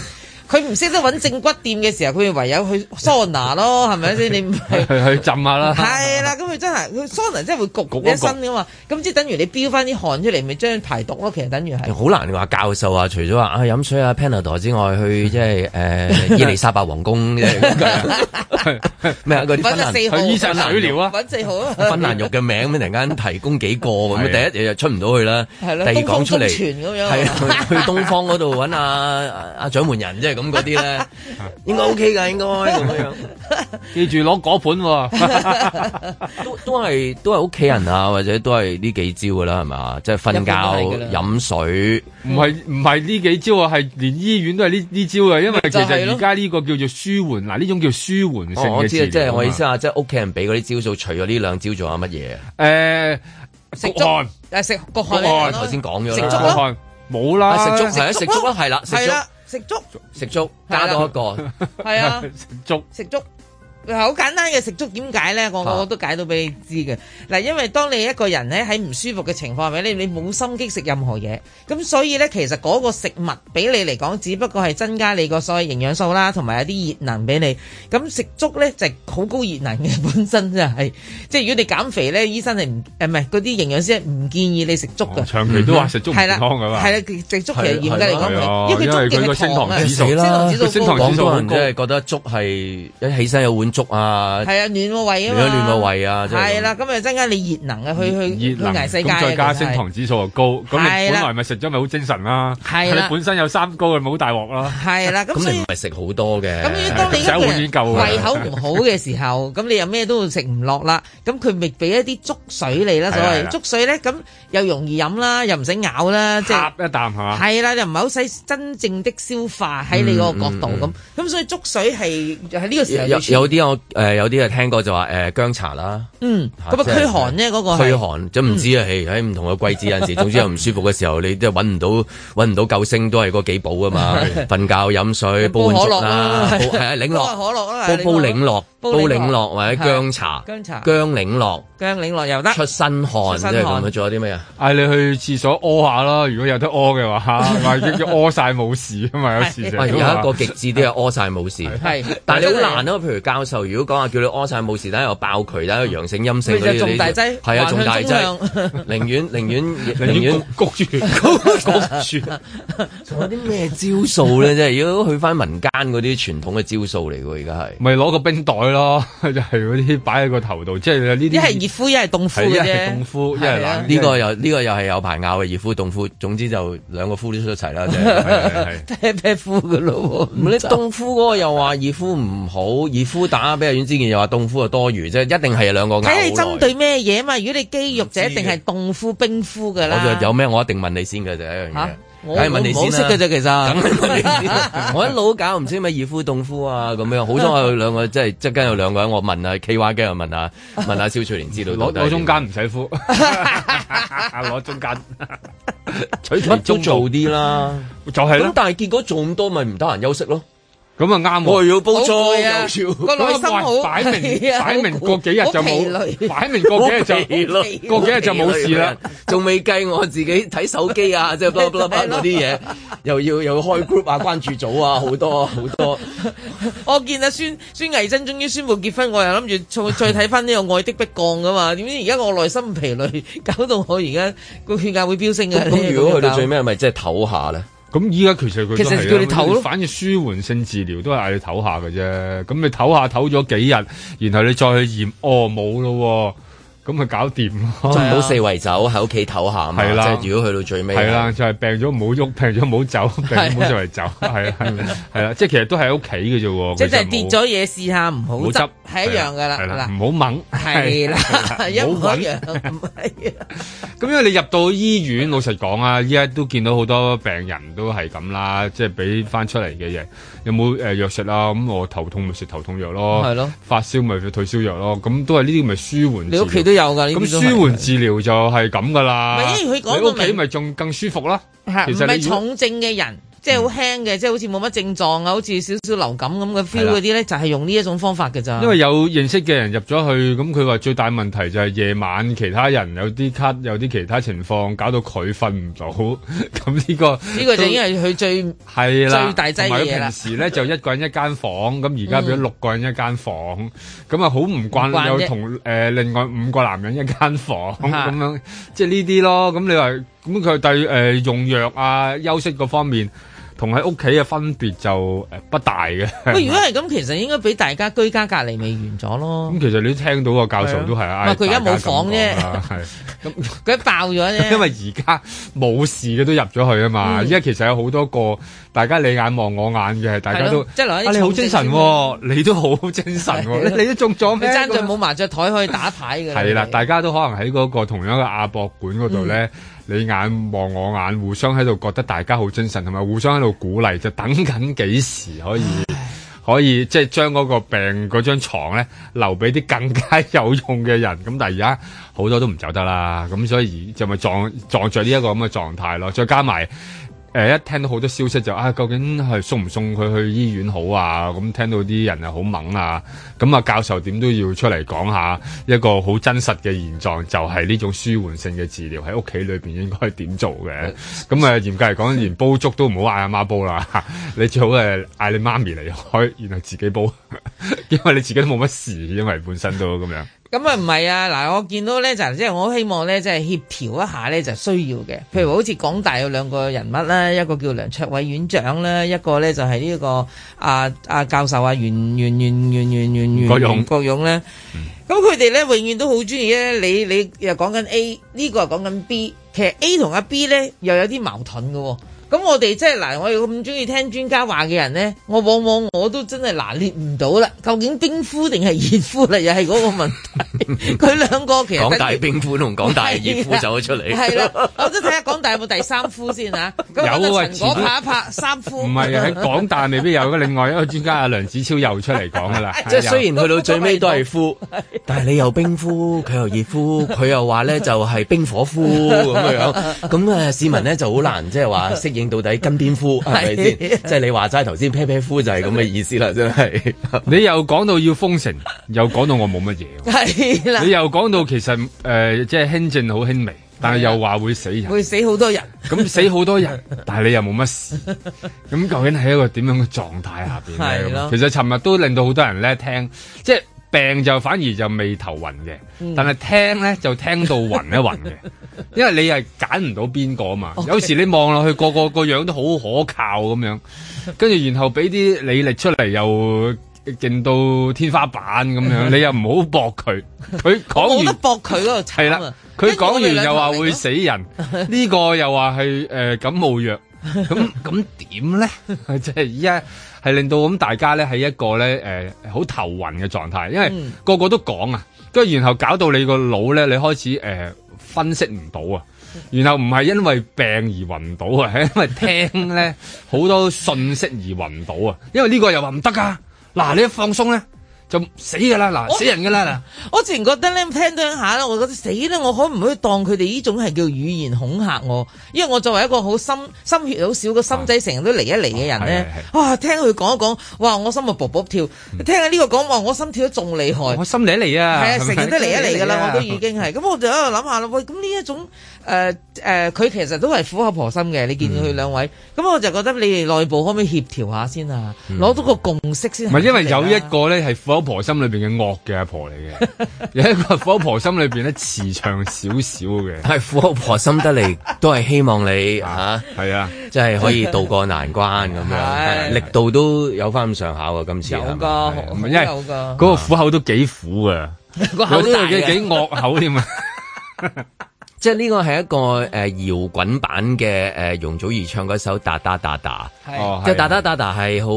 佢唔識得揾正骨店嘅時候，佢唯有去桑拿咯，係咪先？你去去浸下啦。係啦，咁佢真係佢桑拿真係會焗一身㗎嘛。咁即係等於你飆翻啲汗出嚟，咪將排毒咯。其實等於係。好難話教授啊，除咗話啊飲水啊 Panadol 之外，去即係誒伊麗莎白皇宮即係咩啊？嗰啲芬蘭去醫生水療啊，揾四號啊，芬蘭肉嘅名咁，突然間提供幾個咁，第一日又出唔到去啦。第二講出嚟。係咯。東方温泉咁樣。係去東方嗰度揾阿掌門人即係。咁嗰啲咧，應該 OK 噶應該咁樣。記住攞果盤，都都係都係屋企人啊，或者都係呢幾招噶啦，係嘛？即係瞓覺、飲水，唔係唔係呢幾招啊，係連醫院都係呢呢招啊，因為其實而家呢個叫做舒緩，嗱呢種叫舒緩性嘅治療。我知啊，即係我意思啊，即係屋企人俾嗰啲招數除咗呢兩招，仲有乜嘢啊？誒，食粥誒，食個汗頭先講咗食粥冇啦，食粥係食粥啦，係啦，係啦。食粥，食粥加多是的 一個，係啊，食粥，食粥。好簡單嘅食粥，點解咧？我我都解到俾你知嘅。嗱，因為當你一個人咧喺唔舒服嘅情況，係咪你你冇心機食任何嘢？咁所以咧，其實嗰個食物俾你嚟講，只不過係增加你個所謂營養素啦，同埋一啲熱能俾你。咁食粥咧就係、是、好高熱能嘅，本身就係、是。即係如果你減肥咧，醫生係唔誒係嗰啲營養師唔建議你食粥㗎？長期都話食粥唔係啦，係啦的食粥其實嚴格嚟講，因為佢高糖。升糖指數啦，升糖指數，香港人真係覺得粥係一起身有碗。足啊，係啊，暖個胃咯，暖個胃啊，係啦，咁又增加你熱能啊，去去熱能世界咁，再加升糖指數又高，咁你本來咪食咗咪好精神啦，係啦，本身有三高嘅，冇大鑊啦，係啦，咁所以咪食好多嘅，咁當你嘅胃口唔好嘅時候，咁你又咩都食唔落啦，咁佢咪俾一啲粥水你啦，所謂粥水咧，咁又容易飲啦，又唔使咬啦，即係一啖係嘛，係啦，又唔係好使真正的消化喺你嗰個角度咁，咁所以粥水係喺呢個時候有有啲。我有啲啊聽過就話誒薑茶啦，嗯，咁啊驅寒咧嗰個，驅寒，就唔知啊，喺唔同嘅季節有時，總之有唔舒服嘅時候，你都揾唔到揾唔到救星，都係嗰幾寶噶嘛，瞓覺飲水煲碗粥啦，係啊，檸樂，煲煲檸樂，煲檸樂或者薑茶，薑茶，薑檸樂，薑檸樂又得出身汗，即係咁樣做。有啲咩啊？嗌你去廁所屙下啦，如果有得屙嘅話嚇，話要屙晒冇事啊嘛，有事情，有一個極致啲啊，屙晒冇事，但係你好難啊，譬如交。就如果講話叫你屙曬冇事，但又有爆渠睇下陽性陰性，你係啊，仲大劑，寧願寧願寧願焗住，焗住啦！仲有啲咩招數咧？即係如果去翻民間嗰啲傳統嘅招數嚟喎，而家係咪攞個冰袋咯？就啊，係嗰啲擺喺個頭度，即係呢啲一係熱敷，一係凍敷嘅啫。凍敷，一係冷。呢個又呢個又係有排拗嘅，熱敷、凍敷，總之就兩個敷都出一齊啦，即係。pair pair 敷嘅咯，唔理凍敷嗰個又話熱敷唔好，熱敷啊！俾阿袁之健又話凍敷又多餘啫，一定係兩個牙。你針對咩嘢嘛？如果你肌肉就一定係凍敷冰敷噶啦。我有咩？我一定問你先㗎，就係一樣嘢、啊。我問你先識嘅啫，其實。我一老搞唔知咩熱敷凍敷啊，咁樣好彩佢兩個即係即跟有兩個人，我問啊 K Y 跟，我問啊問下蕭翠蓮知道。攞攞中間唔使敷，攞 (laughs) 中間，取足足做啲啦， (laughs) 就係咁啦。但係結果做咁多，咪唔得閒休息咯。咁啊啱我，要煲菜啊！個內心好，擺明擺明個幾日就冇，擺明個幾日就個幾日就冇事啦。仲未計我自己睇手機啊，即係卜卜卜嗰啲嘢，又要又要開 group 啊，關注組啊，好多好多。我見阿孫孫藝珍終於宣布結婚，我又諗住再睇翻呢個《愛的迫降》噶嘛。點知而家我內心疲累，搞到我而家個血壓會飆升嘅。咁如果去到最尾，係咪即係唞下咧？咁依家其實佢，其實叫你唞咯，反而舒緩性治療都係嗌你唞下嘅啫。咁你唞下唞咗幾日，然後你再去驗，哦，冇咯喎。咁咪搞掂咯，就唔好四圍走，喺屋企唞下。係啦，即係如果去到最尾，係啦，就係病咗唔好喐，病咗唔好走，病咗唔好四圍走。係啊，係係啦，即係其實都喺屋企嘅啫。即係跌咗嘢試下，唔好執，係一樣噶啦。嗱，唔好掹，係啦，唔好搵，唔係啊。咁因為你入到醫院，老實講啊，依家都見到好多病人都係咁啦，即係俾翻出嚟嘅嘢，有冇誒藥食啊？咁我頭痛咪食頭痛藥咯，係咯，發燒咪食退燒藥咯。咁都係呢啲咪舒緩。都有噶，咁舒緩治療就係咁噶啦。咪因為佢講喺屋企咪仲更舒服啦。係唔係，其實係重症嘅人。即係好輕嘅，即係好似冇乜症狀啊，好似少少流感咁嘅 feel 嗰啲咧，就係用呢一種方法嘅咋。因為有認識嘅人入咗去，咁佢話最大問題就係夜晚其他人有啲咳，有啲其他情況搞到佢瞓唔到。咁呢個呢個就已經係佢最係啦，最大劑嘢啦。佢平時咧就一個人一間房，咁而家變咗六個人一間房，咁啊好唔慣有同誒另外五個男人一間房咁樣，即係呢啲咯。咁你話咁佢對誒用藥啊、休息嗰方面。同喺屋企嘅分別就不大嘅。喂，如果係咁，其實應該俾大家居家隔離咪完咗咯。咁其實你都聽到個教授都係，呀。佢而家冇房啫。咁佢爆咗啫。因為而家冇事嘅都入咗去啊嘛。而家其實有好多個大家你眼望我眼嘅，大家都即係你好精神喎，你都好精神喎，你都中咗咩？爭在冇麻雀枱可以打牌嘅。係啦，大家都可能喺嗰個同樣嘅亞博館嗰度咧。你眼望我眼，互相喺度覺得大家好精神，同埋互相喺度鼓勵，就等緊幾時可以可以即係將嗰個病嗰張床咧留俾啲更加有用嘅人。咁但係而家好多都唔走得啦，咁所以就咪撞撞著呢一個咁嘅狀態咯，再加埋。誒，一聽到好多消息就啊，究竟係送唔送佢去醫院好啊？咁、嗯、聽到啲人啊好猛啊，咁、嗯、啊教授點都要出嚟講下一個好真實嘅現狀，就係、是、呢種舒緩性嘅治療喺屋企裏面應該點做嘅？咁啊嚴格嚟講，連煲粥都唔好嗌阿媽煲啦，你最好誒嗌你媽咪離開，然後自己煲，因為你自己都冇乜事，因為本身都咁樣。咁啊唔係啊，嗱我見到咧就即係我希望咧，即係協調一下咧就需要嘅，譬如好似港大有兩個人物啦，一個叫梁卓偉院長啦，一個咧就係呢個啊啊教授啊袁袁袁袁袁袁袁國勇國勇咧，咁佢哋咧永遠都好中意咧你你又講緊 A 呢個又講緊 B，其實 A 同阿 B 咧又有啲矛盾喎。咁我哋即係嗱，我哋咁中意聽專家的話嘅人咧，我往往我都真係拿捏唔到啦。究竟冰敷定係熱敷啦，又係嗰個問題。佢 (laughs) 兩個其實港大冰敷同港大熱敷的走咗出嚟。係咯，我都睇下港大有冇第三敷先啊。有啊，我 (laughs) 有拍一拍三敷。唔係喺港大未必有，另外一個專家阿梁子超又出嚟講噶啦。即係雖然去到最尾都係敷， (laughs) 但係你又冰敷，佢又熱敷，佢又話咧就係冰火敷咁 (laughs) 樣，樣。咁誒市民咧就好難即係話適應。到底跟邊夫係咪先？即係 (laughs) 吧 (laughs) 你話齋頭先劈撇夫就係咁嘅意思啦，真係。 (laughs) (laughs) 你又講到要封城，又講到我冇乜嘢。係啦，你又講到其實誒，即係輕症好輕微，但係又話會死人，會死好多人。咁 (laughs) 死好多人，但係你又冇乜事。咁 (laughs) 究竟喺一個點樣嘅狀態下邊咧？ (laughs) 其實尋日都令到好多人咧聽，即係病就反而就未頭暈嘅，嗯、但係聽咧就聽到暈一暈嘅。因為你係揀唔到邊個嘛，Okay 有時你望落去個個個樣都好可靠咁樣，跟住然後俾啲履歷出嚟又勁到天花板咁樣，你又唔好駁佢，佢講完得駁佢嗰個係啦，佢講完又話會死人，呢個又話係誒感冒藥，咁咁點咧？即係而家係令到咁大家咧係一個咧誒好頭暈嘅狀態，因為個個都講啊，跟住然後搞到你個腦咧，你開始誒。呃分析唔到啊，然後唔係因為病而暈倒啊，係因為聽咧好多信息而暈倒啊，因為呢個又話唔得噶，嗱，你一放鬆咧。就死噶啦嗱，死人噶啦嗱。我之前覺得咧，聽聽下咧，我覺得死啦，我可唔可以當佢哋呢種係叫語言恐嚇我？因為我作為一個好心心血好少個心仔，成日都嚟一嚟嘅人咧。哇，聽佢講一講，哇，我心啊卜卜跳。聽下呢個講話，我心跳得仲厲害。我心嚟一嚟啊，係啊，成日都嚟一嚟噶啦，我都已經係。咁我就喺度諗下啦，喂，咁呢一種誒誒佢其實都係苦口婆心嘅。你見到佢兩位，咁我就覺得你哋內部可唔可以協調下先啊？攞到個共識先。唔係，因為有一個咧係。婆心裏邊嘅惡嘅阿婆嚟嘅，有一個苦口婆心裏邊咧慈祥少少嘅，係苦口婆心得嚟都係希望你吓，係啊，即係可以渡過難關咁樣，力度都有翻咁上下嘅，今次有噶，因為嗰個苦口都幾苦啊，有啲又幾幾惡口添啊。即係呢個係一個誒、呃、搖滾版嘅誒、呃、容祖兒唱嗰首打打打打，即係是、哦、打打打打係好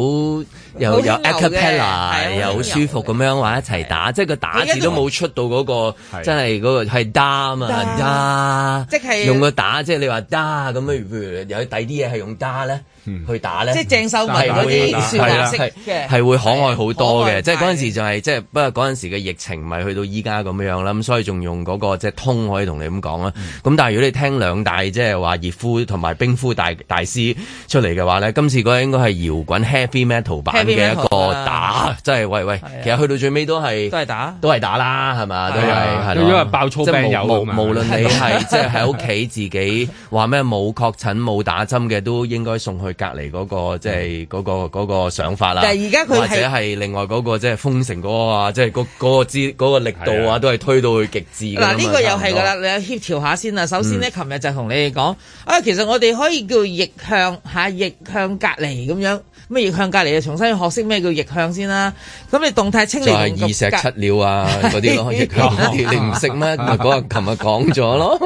又有 a cappella，又好舒服咁樣話一齊打，對即係個打字都冇出到嗰、那個對是真係嗰個係打嘛對打，即係是用個打，即係你話打咁啊，如譬如有第啲嘢係用打咧。去打咧，即係鄭秀文嗰啲抒發嘅，係會可愛好多嘅。即係嗰陣時就係，即係不過嗰陣時嘅疫情咪去到依家咁樣啦。咁所以仲用嗰個即係通可以同你咁講啦。咁但係如果你聽兩大即係話熱敷同埋冰敷大大師出嚟嘅話咧，今次嗰個應該係搖滾 heavy metal 版嘅一個打，即係喂喂，其實去到最尾都係都係打，都係打啦，係咪，都係。因為爆粗，即有，無論你係即係喺屋企自己話咩冇確診冇打針嘅，都應該送去。隔離嗰、那個即係嗰個嗰、嗯、個想法啦、啊，但或者係另外嗰、那個即係、就是、封城嗰個啊，即係嗰嗰個力度啊， (laughs) 都係推到去極致。嗱、啊，呢、這個又係噶啦，你協調一下先啦。首先咧，琴日、嗯、就同你哋講啊，其實我哋可以叫逆向嚇、啊，逆向隔離咁樣。咩逆向隔離啊？重新學識咩叫逆向先啦？咁你動態清零就係二石七鳥啊嗰啲咯。逆向你唔識咩？嗰日琴日講咗咯，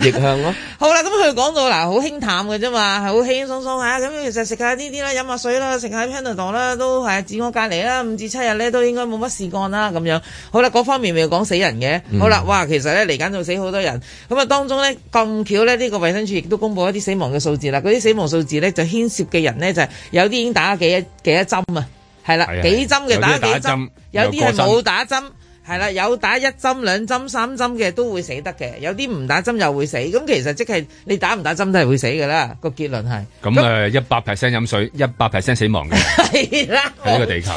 逆向咯。好啦，咁佢講到嗱，好輕淡嘅啫嘛，好輕鬆鬆嚇。咁其實食下呢啲啦，飲下水啦，食下香奈度啦，都係自我隔離啦，五至七日咧都應該冇乜事干啦咁樣。好啦，嗰方面咪講死人嘅。好啦，哇，其實咧嚟緊就死好多人。咁啊，當中呢，咁巧呢，呢個衞生署亦都公布一啲死亡嘅數字啦。嗰啲死亡數字呢，就牽涉嘅人呢，就。有啲已經打咗幾多幾多針啊，係啦，幾針嘅打幾針，有啲係冇打針，係啦，有打一針、兩針、三針嘅都會死得嘅，有啲唔打針又會死，咁其實即係你打唔打針都係會死噶啦，個結論係。咁誒，一百 percent 飲水，一百 percent 死亡嘅。係啦，呢個地球。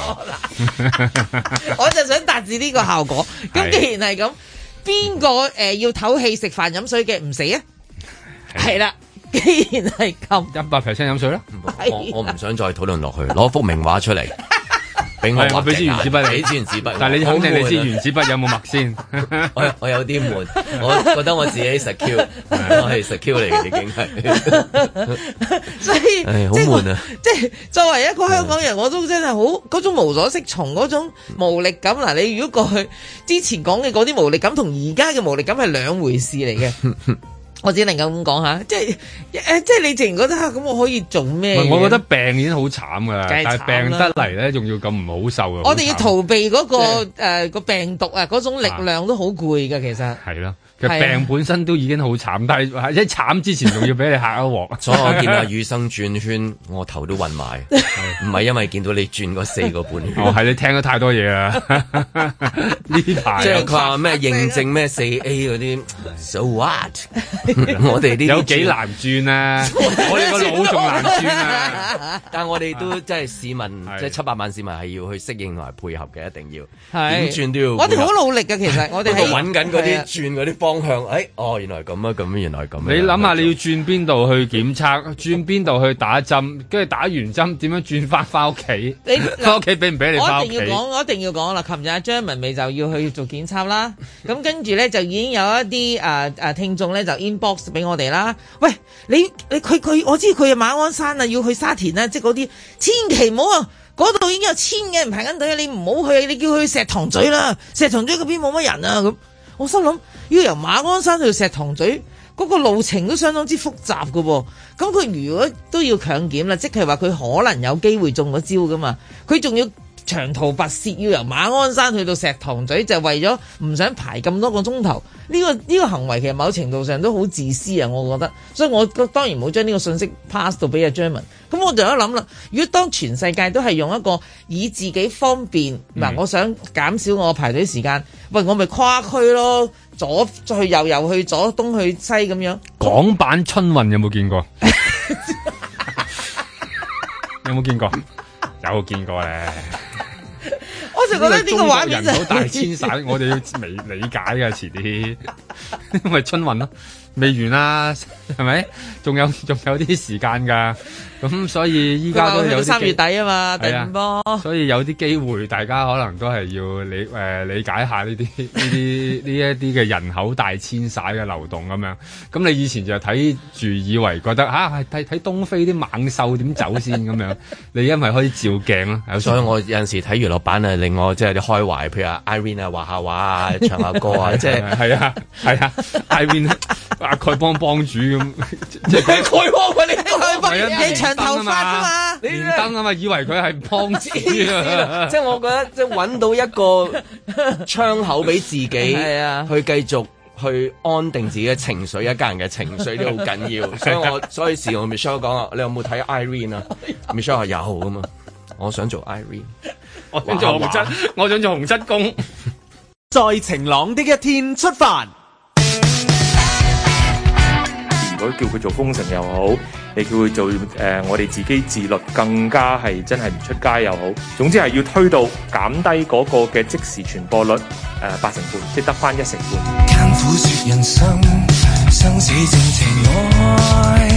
我就想達至呢個效果。咁既然係咁，邊個誒要唞氣食飯飲水嘅唔死啊？係啦。既然係咁，一百 percent 飲水啦。我唔想再討論落去，攞幅名畫出嚟，俾我俾支原子筆你，支原子筆。但係你肯定你支原子筆有冇墨先？我有啲悶，我覺得我自己實 Q，我係實 Q 嚟嘅，已經係。所以好悶啊！即係作為一個香港人，我都真係好嗰種無所適從嗰種無力感。嗱，你如果過去之前講嘅嗰啲無力感，同而家嘅無力感係兩回事嚟嘅。我只能夠咁講吓，即係誒，即係你突然覺得吓，咁我可以做咩？我覺得病已經好慘噶啦，慘但係病得嚟咧，仲要咁唔好受啊。我哋要逃避嗰、嗰個誒個的、呃、病毒啊，嗰種力量都好攰噶，其實。係啦。病本身都已經好慘，但係喺慘之前，仲要俾你嚇一鑊。所以我見阿雨生轉圈，我頭都暈埋，唔係因為見到你轉個四個半圈。哦，係你聽得太多嘢啊！呢排即係佢話咩認證咩四 A 嗰啲，So what？我哋啲，有幾難轉啊？我哋個腦仲難轉啊！但係我哋都即係市民，即係七百萬市民係要去適應同埋配合嘅，一定要點轉都要。我哋好努力嘅，其實我哋係搵緊嗰啲轉嗰啲方方向，哎，哦，原來咁啊，咁原來咁。你諗下，你要轉邊度去檢測，轉邊度去打針，跟住打完針點樣轉翻翻屋企？ (laughs) 你嗱屋企俾唔俾你？我一定要講，我一定要講啦。琴日阿 Jeremy 就要去做檢測啦，咁跟住咧，就已經有一啲誒誒聽眾咧就 inbox 俾我哋啦。喂，你你佢佢，我知佢啊馬鞍山啊要去沙田啊，即係嗰啲千祈唔好啊，嗰度已經有千嘅人排緊隊，你唔好去，你叫佢去石塘咀啦，石塘咀嗰邊冇乜人啊咁。我心諗要由馬鞍山去到石塘咀嗰個路程都相當之複雜嘅喎，咁佢如果都要強檢啦，即係話佢可能有機會中咗招噶嘛，佢仲要。長途跋涉要由馬鞍山去到石塘咀，就是，為咗唔想排咁多個鐘頭。呢、這個呢、這個行為其實某程度上都好自私啊！我覺得，所以我當然冇將呢個信息 pass 到俾阿 Jeremy 咁我就一諗啦，如果當全世界都係用一個以自己方便，嗱、嗯，我想減少我排隊時間，喂，我咪跨區咯，左去右又去左東去西咁樣。港版春運有冇見過？ (laughs) (laughs) 有冇見過？ (laughs) 有見過咧～即係中國人口大遷徙，我哋要未理解嘅，遲啲，因 (laughs) 為春運咯，未完啦，係咪？仲有仲有啲時間噶。咁所以依家都有都三月底啊嘛，第五波，啊、所以有啲機會，大家可能都係要理誒、呃、理解下呢啲呢啲呢一啲嘅人口大遷徙嘅流動咁樣。咁你以前就睇住，以為覺得啊，睇睇東非啲猛獸點走先咁樣。 (laughs) 你因為可以照鏡，有所以我有陣時睇娛樂版啊，令我即係開懷。譬如啊，Irene 畫下畫、 (laughs) 就係、啊，唱下歌啊，即係係啊係啊，Irene 阿丐幫幫主咁，阿丐幫你？燈啊嘛，你唔燈啊嘛，以為佢係胖子，即係我覺得，即係揾到一個窗口俾自己，係啊，去繼續去安定自己嘅情緒， (laughs) 一家人嘅情緒都好緊要 (laughs) 所。所以我所以時我 Michelle 講啊，你有冇睇 Irene 啊？Michelle 廿號嘛，我想做 Irene，我想做洪 (laughs) 我想做洪七公，在 (laughs) 晴朗的一天出發。如果叫佢做封城，又好你叫佢做，誒、呃，我哋自己自律更加係真係唔出街又好。總之係要推到減低嗰個嘅即時傳播率，誒、呃，八成半即係得翻一成半。艱苦說人生，生死正情愛。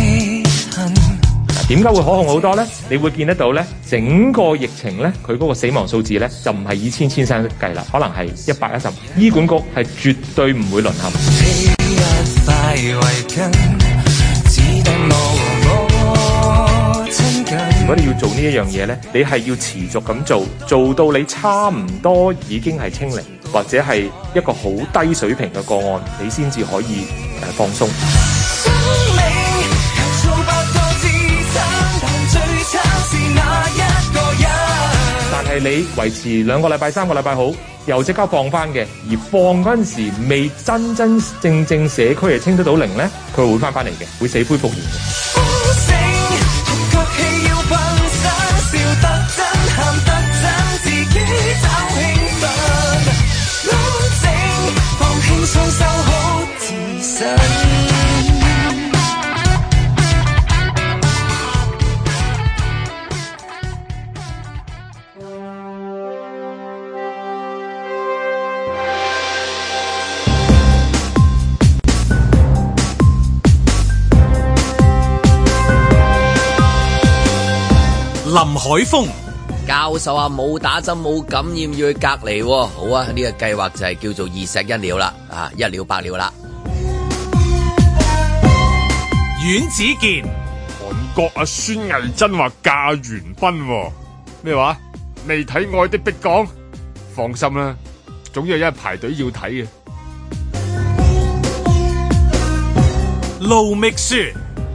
點解會可控好多呢？你會見得到呢，整個疫情呢，佢嗰個死亡數字呢，就唔係以千千聲計啦，可能係一百一十。醫管局係絕對唔會淪陷。如果你要做呢一樣嘢呢，你係要持續咁做，做到你差唔多已經係清零，或者係一個好低水平嘅個案，你先至可以誒放鬆。係你維持兩個禮拜、三個禮拜好，又即刻放翻嘅，而放嗰陣時候未真真正正社區係清得到零呢？佢會翻翻嚟嘅，會死灰復燃。海峯教授啊，冇打針冇感染要去隔離，好啊！呢、這個計劃就係叫做二石一鳥了啦，啊一鳥百鳥了百了啦。阮子健，韓國阿孫藝珍話嫁玄彬喎，咩話、啊？未睇《愛的迫降》，放心啦，總有一日排隊要睇嘅。盧覓雪，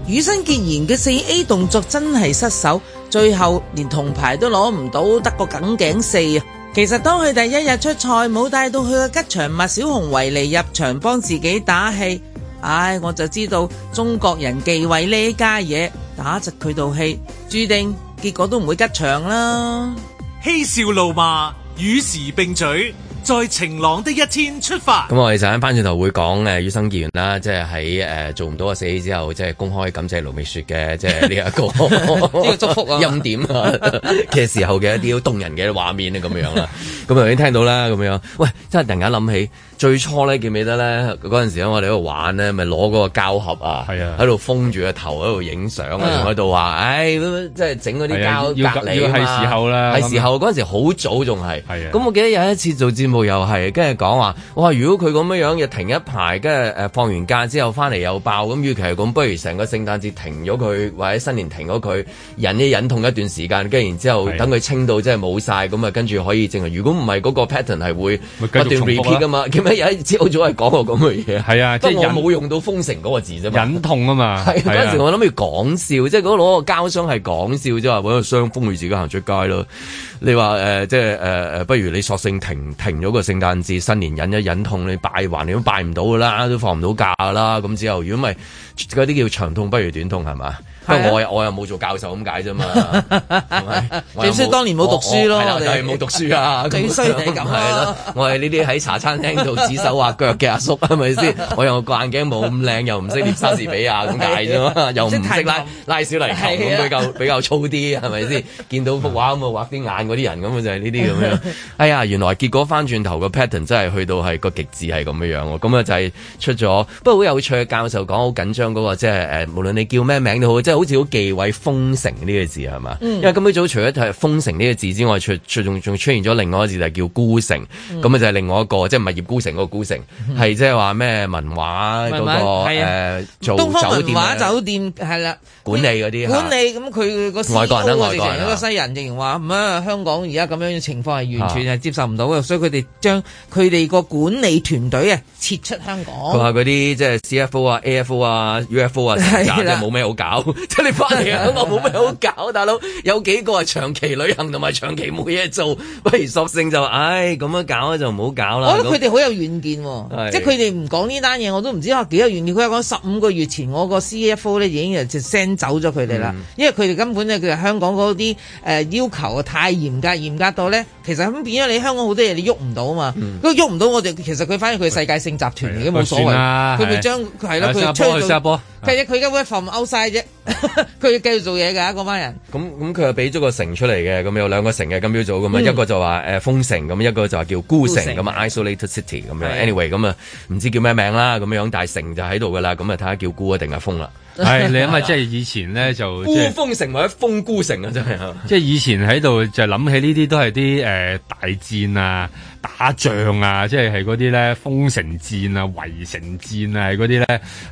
與生結言嘅四 A 動作真係失手。最後連銅牌都攞唔到，得個梗頸四啊！其實當佢第一日出賽，冇帶到佢嘅吉祥物小熊維尼入場幫自己打氣，唉，我就知道中國人忌諱呢家嘢，打實佢道氣，注定結果都唔會吉祥啦。嬉笑怒罵，與時並嘴。在晴朗的一天出發。咁我哋陣間翻轉頭會講誒於生健員啦，即係喺誒做唔到阿四之後，即係公開感謝盧美雪嘅，即係呢一個呢個祝福啊、欽點啊嘅 (laughs) 時候嘅一啲好動人嘅畫面啊，咁樣啦。咁啊 (laughs) 已經聽到啦，咁樣。喂，真係突然間諗起。最初咧記唔記得咧？嗰陣時我哋喺度玩咧，咪攞嗰個膠盒啊，喺度封住個頭，喺度影相啊，仲喺度話：，唉、啊，即係整嗰啲膠、啊、隔離啊嘛。係時候啦，係時候。嗰陣時好早仲係。咁、啊啊、我記得有一次做節目又係，跟住講話：，哇！如果佢咁樣樣又停一排，跟住誒放完假之後翻嚟又爆，咁與其係咁，不如成個聖誕節停咗佢，或者新年停咗佢，忍一忍痛一段時間，跟住然之後等佢清到即係冇晒。咁啊跟住可以正常。如果唔係嗰個 pattern 係會不斷 repeat 噶嘛。有朝早係講過咁嘅嘢。係啊，即係有冇用到封城嗰個字啫嘛，忍痛啊嘛。嗰陣時我諗住講笑，即係嗰攞個膠箱係講笑啫，話搵個箱封住自己行出街咯。你話誒，即係誒誒，不如你索性停停咗個聖誕節、新年忍一忍痛，你拜還你都拜唔到噶啦，都放唔到假啦，咁之後如果咪嗰啲叫長痛不如短痛係嘛？不過我我又冇做教授咁解啫嘛，正所謂當年冇讀書咯，又冇讀書啊，最衰咁係咯，我係呢啲喺茶餐廳度指手畫腳嘅阿叔係咪先？我又個眼鏡冇咁靚，又唔識念莎士比亞咁解啫嘛，又唔識拉拉小泥球咁比較比較粗啲係咪先？見到幅畫咁啊，畫啲眼。嗰啲人咁就係呢啲咁樣。哎呀，原來結果翻轉頭個 pattern 真係去到係個極致係咁樣喎。咁啊就係出咗，不過好有趣。教授講好緊張嗰、那個，即係誒，無論你叫咩名都好，即、就、係、是、好似好忌諱封城呢個字係嘛？嗯、因為今朝早除咗封城呢個字之外，出出仲出現咗另外一個字就係、是、叫孤城。咁、嗯、就係另外一個，即係唔係葉孤城嗰、那個、孤城，係即係話咩文化嗰、那個誒東方文華酒店係啦，管理嗰啲管理。咁佢外國人得、啊、外國人、啊，個西人然、啊啊香港而家咁樣嘅情況係完全係接受唔到嘅，啊、所以佢哋將佢哋個管理團隊啊撤出香港。佢話嗰啲即係 CFO 啊、AFO 啊、UFO 啊，的的即係冇咩好搞，的即係你翻嚟香港冇咩好搞，大佬有幾個係長期旅行同埋長期冇嘢做。不如索性就唉咁樣搞就唔好搞啦。我覺得佢哋好有遠見喎、啊，那的即係佢哋唔講呢單嘢，我都唔知話幾有遠見，佢話講十五個月前，我個 CFO 呢已經就 send 走咗佢哋啦，嗯、因為佢哋根本佢係香港嗰啲、呃、要求太嚴。嚴格嚴格到咧，其實咁變咗你香港好多嘢你喐唔到啊嘛，咁喐唔到我哋，其實佢反而佢世界性集團嚟嘅冇所謂，佢會將係啦，佢出去。計佢而家會放唔 out 啫，佢要繼續做嘢㗎，嗰班人。咁咁佢又俾咗個城出嚟嘅，咁有兩個城嘅金標組，咁樣一個就話誒封城，咁一個就話叫孤城，咁 isolated city 咁樣 anyway 咁啊唔知叫咩名啦，咁樣，但城就喺度㗎啦，咁啊睇下叫孤啊定係封啦。係、 (laughs) 哎、你諗下即係以前咧就孤、是、 (laughs) 城或者封孤城啊，真係即係以前喺度就諗起呢啲都係啲誒大戰啊。打仗啊，即係係嗰啲咧，封城戰啊，圍城戰啊，嗰啲咧，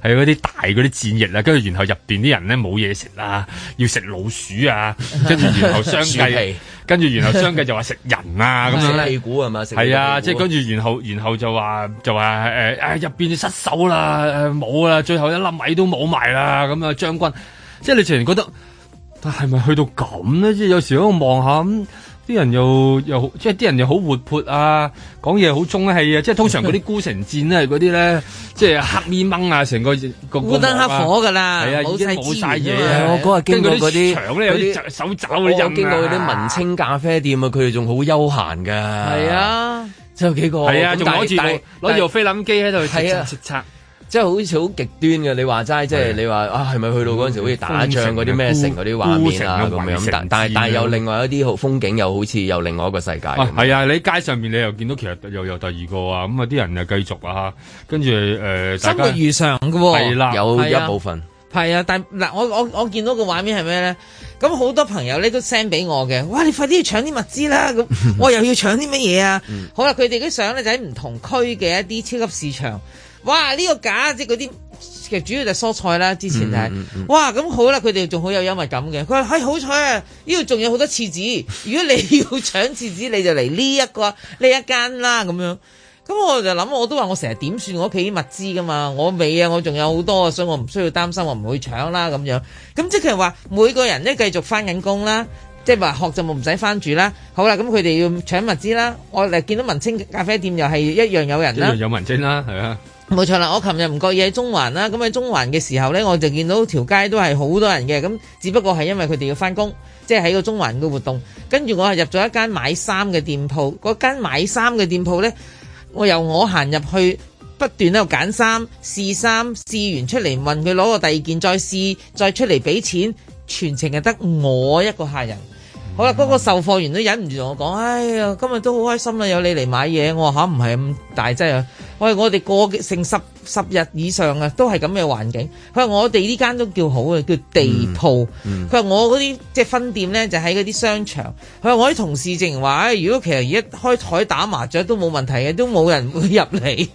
係嗰啲大嗰啲戰役啊，跟住然後入邊啲人咧冇嘢食啊，要食老鼠啊，跟住然後相繼跟住然後相繼 (laughs) 就話食人啊，咁 (laughs) 樣食屁股係嘛？係啊，即、就、係、是、跟住然後然後就話就話誒，誒入邊失守啦，冇、哎、啦，最後一粒米都冇埋啦，咁啊將軍，即係你突然覺得，但係咪去到咁呢？即係有時喺度望下咁。啲人又又即係啲人又好活潑啊，講嘢好中氣啊，即係通常嗰啲孤城戰咧，嗰啲咧即係黑咪掹啊，成個烏燈黑火噶啦，已經冇曬嘢。我嗰日經過嗰啲場咧，手爪啊，經過嗰啲文青咖啡店啊，佢哋仲好悠閒噶。係啊，仲有幾個？係啊，仲攞住攞住部菲林機喺度測測測。即係好似好極端嘅，你話齋，即係你話啊，係咪、啊、去到嗰陣時好似打仗嗰啲咩城嗰啲巫畫面啊咁樣？但係但係又另外一啲好風景，又好似又另外一個世界。係啊，啊，你街上面你又見到其實又有第二個啊，咁啊啲人又繼續啊，跟住誒。大家生活如常嘅喎。係、哦啊、有一部分。係啊，啊，但嗱，我我我見到個畫面係咩咧？咁好多朋友咧都 send 俾我嘅，哇！你快啲要搶啲物資啦！咁，哇！又要搶啲乜嘢啊？ (laughs) 好啦，佢哋啲相咧就喺唔同區嘅一啲超級市場。哇！呢、這個假，即嗰啲，其實主要就係蔬菜啦。之前就係、嗯嗯嗯、哇咁好啦，佢哋仲好有幽默感嘅。佢話：，嘿、哎、好彩啊！呢度仲有好多廁紙， (laughs) 如果你要搶廁紙，你就嚟呢一個呢 (laughs) 一間啦。咁樣咁我就諗，我都話我成日點算我屋企啲物資㗎嘛？我未啊，我仲有好多，所以我唔需要擔心，我唔會搶啦。咁樣咁即係話每個人咧繼續翻緊工啦，即係話學就冇唔使翻住啦。好啦，咁佢哋要搶物資啦。我嚟見到文青咖啡店又係一樣有人啦，有文青啦，係啊。冇錯啦，我琴日唔覺意喺中環啦，咁喺中環嘅時候呢，我就見到條街都係好多人嘅，咁只不過係因為佢哋要翻工，即係喺個中環嘅活動。跟住我係入咗一間買衫嘅店鋪，嗰間買衫嘅店鋪呢，我由我行入去，不斷喺度揀衫、試衫，試完出嚟問佢攞個第二件再試，再出嚟俾錢，全程係得我一個客人。好啦，嗰、那個售貨員都忍唔住同我講，哎呀，今日都好開心啦，有你嚟買嘢。我話吓，唔係咁大劑呀。」啊！喂，我哋過剩十十日以上啊，都係咁嘅環境。佢話我哋呢間都叫好嘅，叫地鋪。佢話、嗯嗯、我嗰啲即係分店咧，就喺嗰啲商場。佢話我啲同事竟然話，如果其實而家開台打麻雀都冇問題嘅，都冇人會入嚟。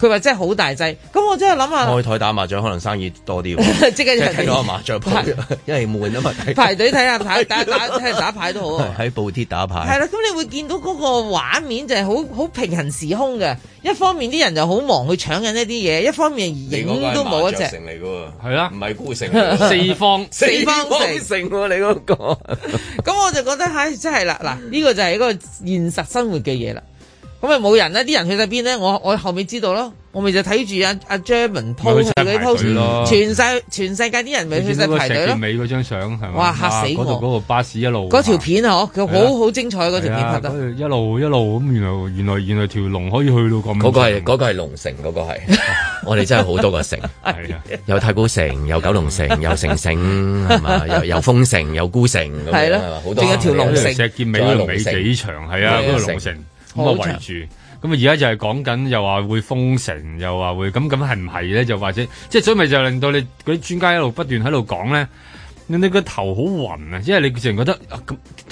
佢話真係好大劑，咁我真係諗下開台打麻將可能生意多啲喎， (laughs) 即刻就睇到個麻將牌， (laughs) (laughs) 因為悶啊嘛， (laughs) 排隊睇下睇打打睇下打牌都好喺 (laughs) 布貼打牌，係啦，咁你會見到嗰個畫面就係好好平行時空嘅，一方面啲人就好忙去搶緊呢啲嘢，一方面影都冇一隻嚟噶喎，係啦，唔係孤城， (laughs) 四方 (laughs) 四方城你嗰個，咁我就覺得係、哎、真係啦，嗱呢、呢個就係一個現實生活嘅嘢啦。咁咪冇人呢？啲人去晒邊咧？我我後尾知道咯，我咪就睇住阿阿 German post 嗰啲 post，全世全世界啲人咪去晒排隊尾張相係嘛？哇！吓死我嗰度嗰個巴士一路嗰條片啊！佢好好精彩嗰條片拍得。一路一路咁，原來原來原來條龍可以去到咁。嗰個係嗰個係龍城，嗰個係我哋真係好多個城。係啊，有太古城，有九龍城，有城城係嘛，有有豐城，有孤城。係咯，好多。仲有條龍城，石硤尾嗰條尾幾長，係啊，嗰個龍城。咁啊圍住，咁啊而家就係講緊，又話會封城，又話會，咁咁係唔係咧？就或者，即係所以咪就令到你佢啲專家一路不斷喺度講咧，你你個頭好暈啊！即係你成日覺得，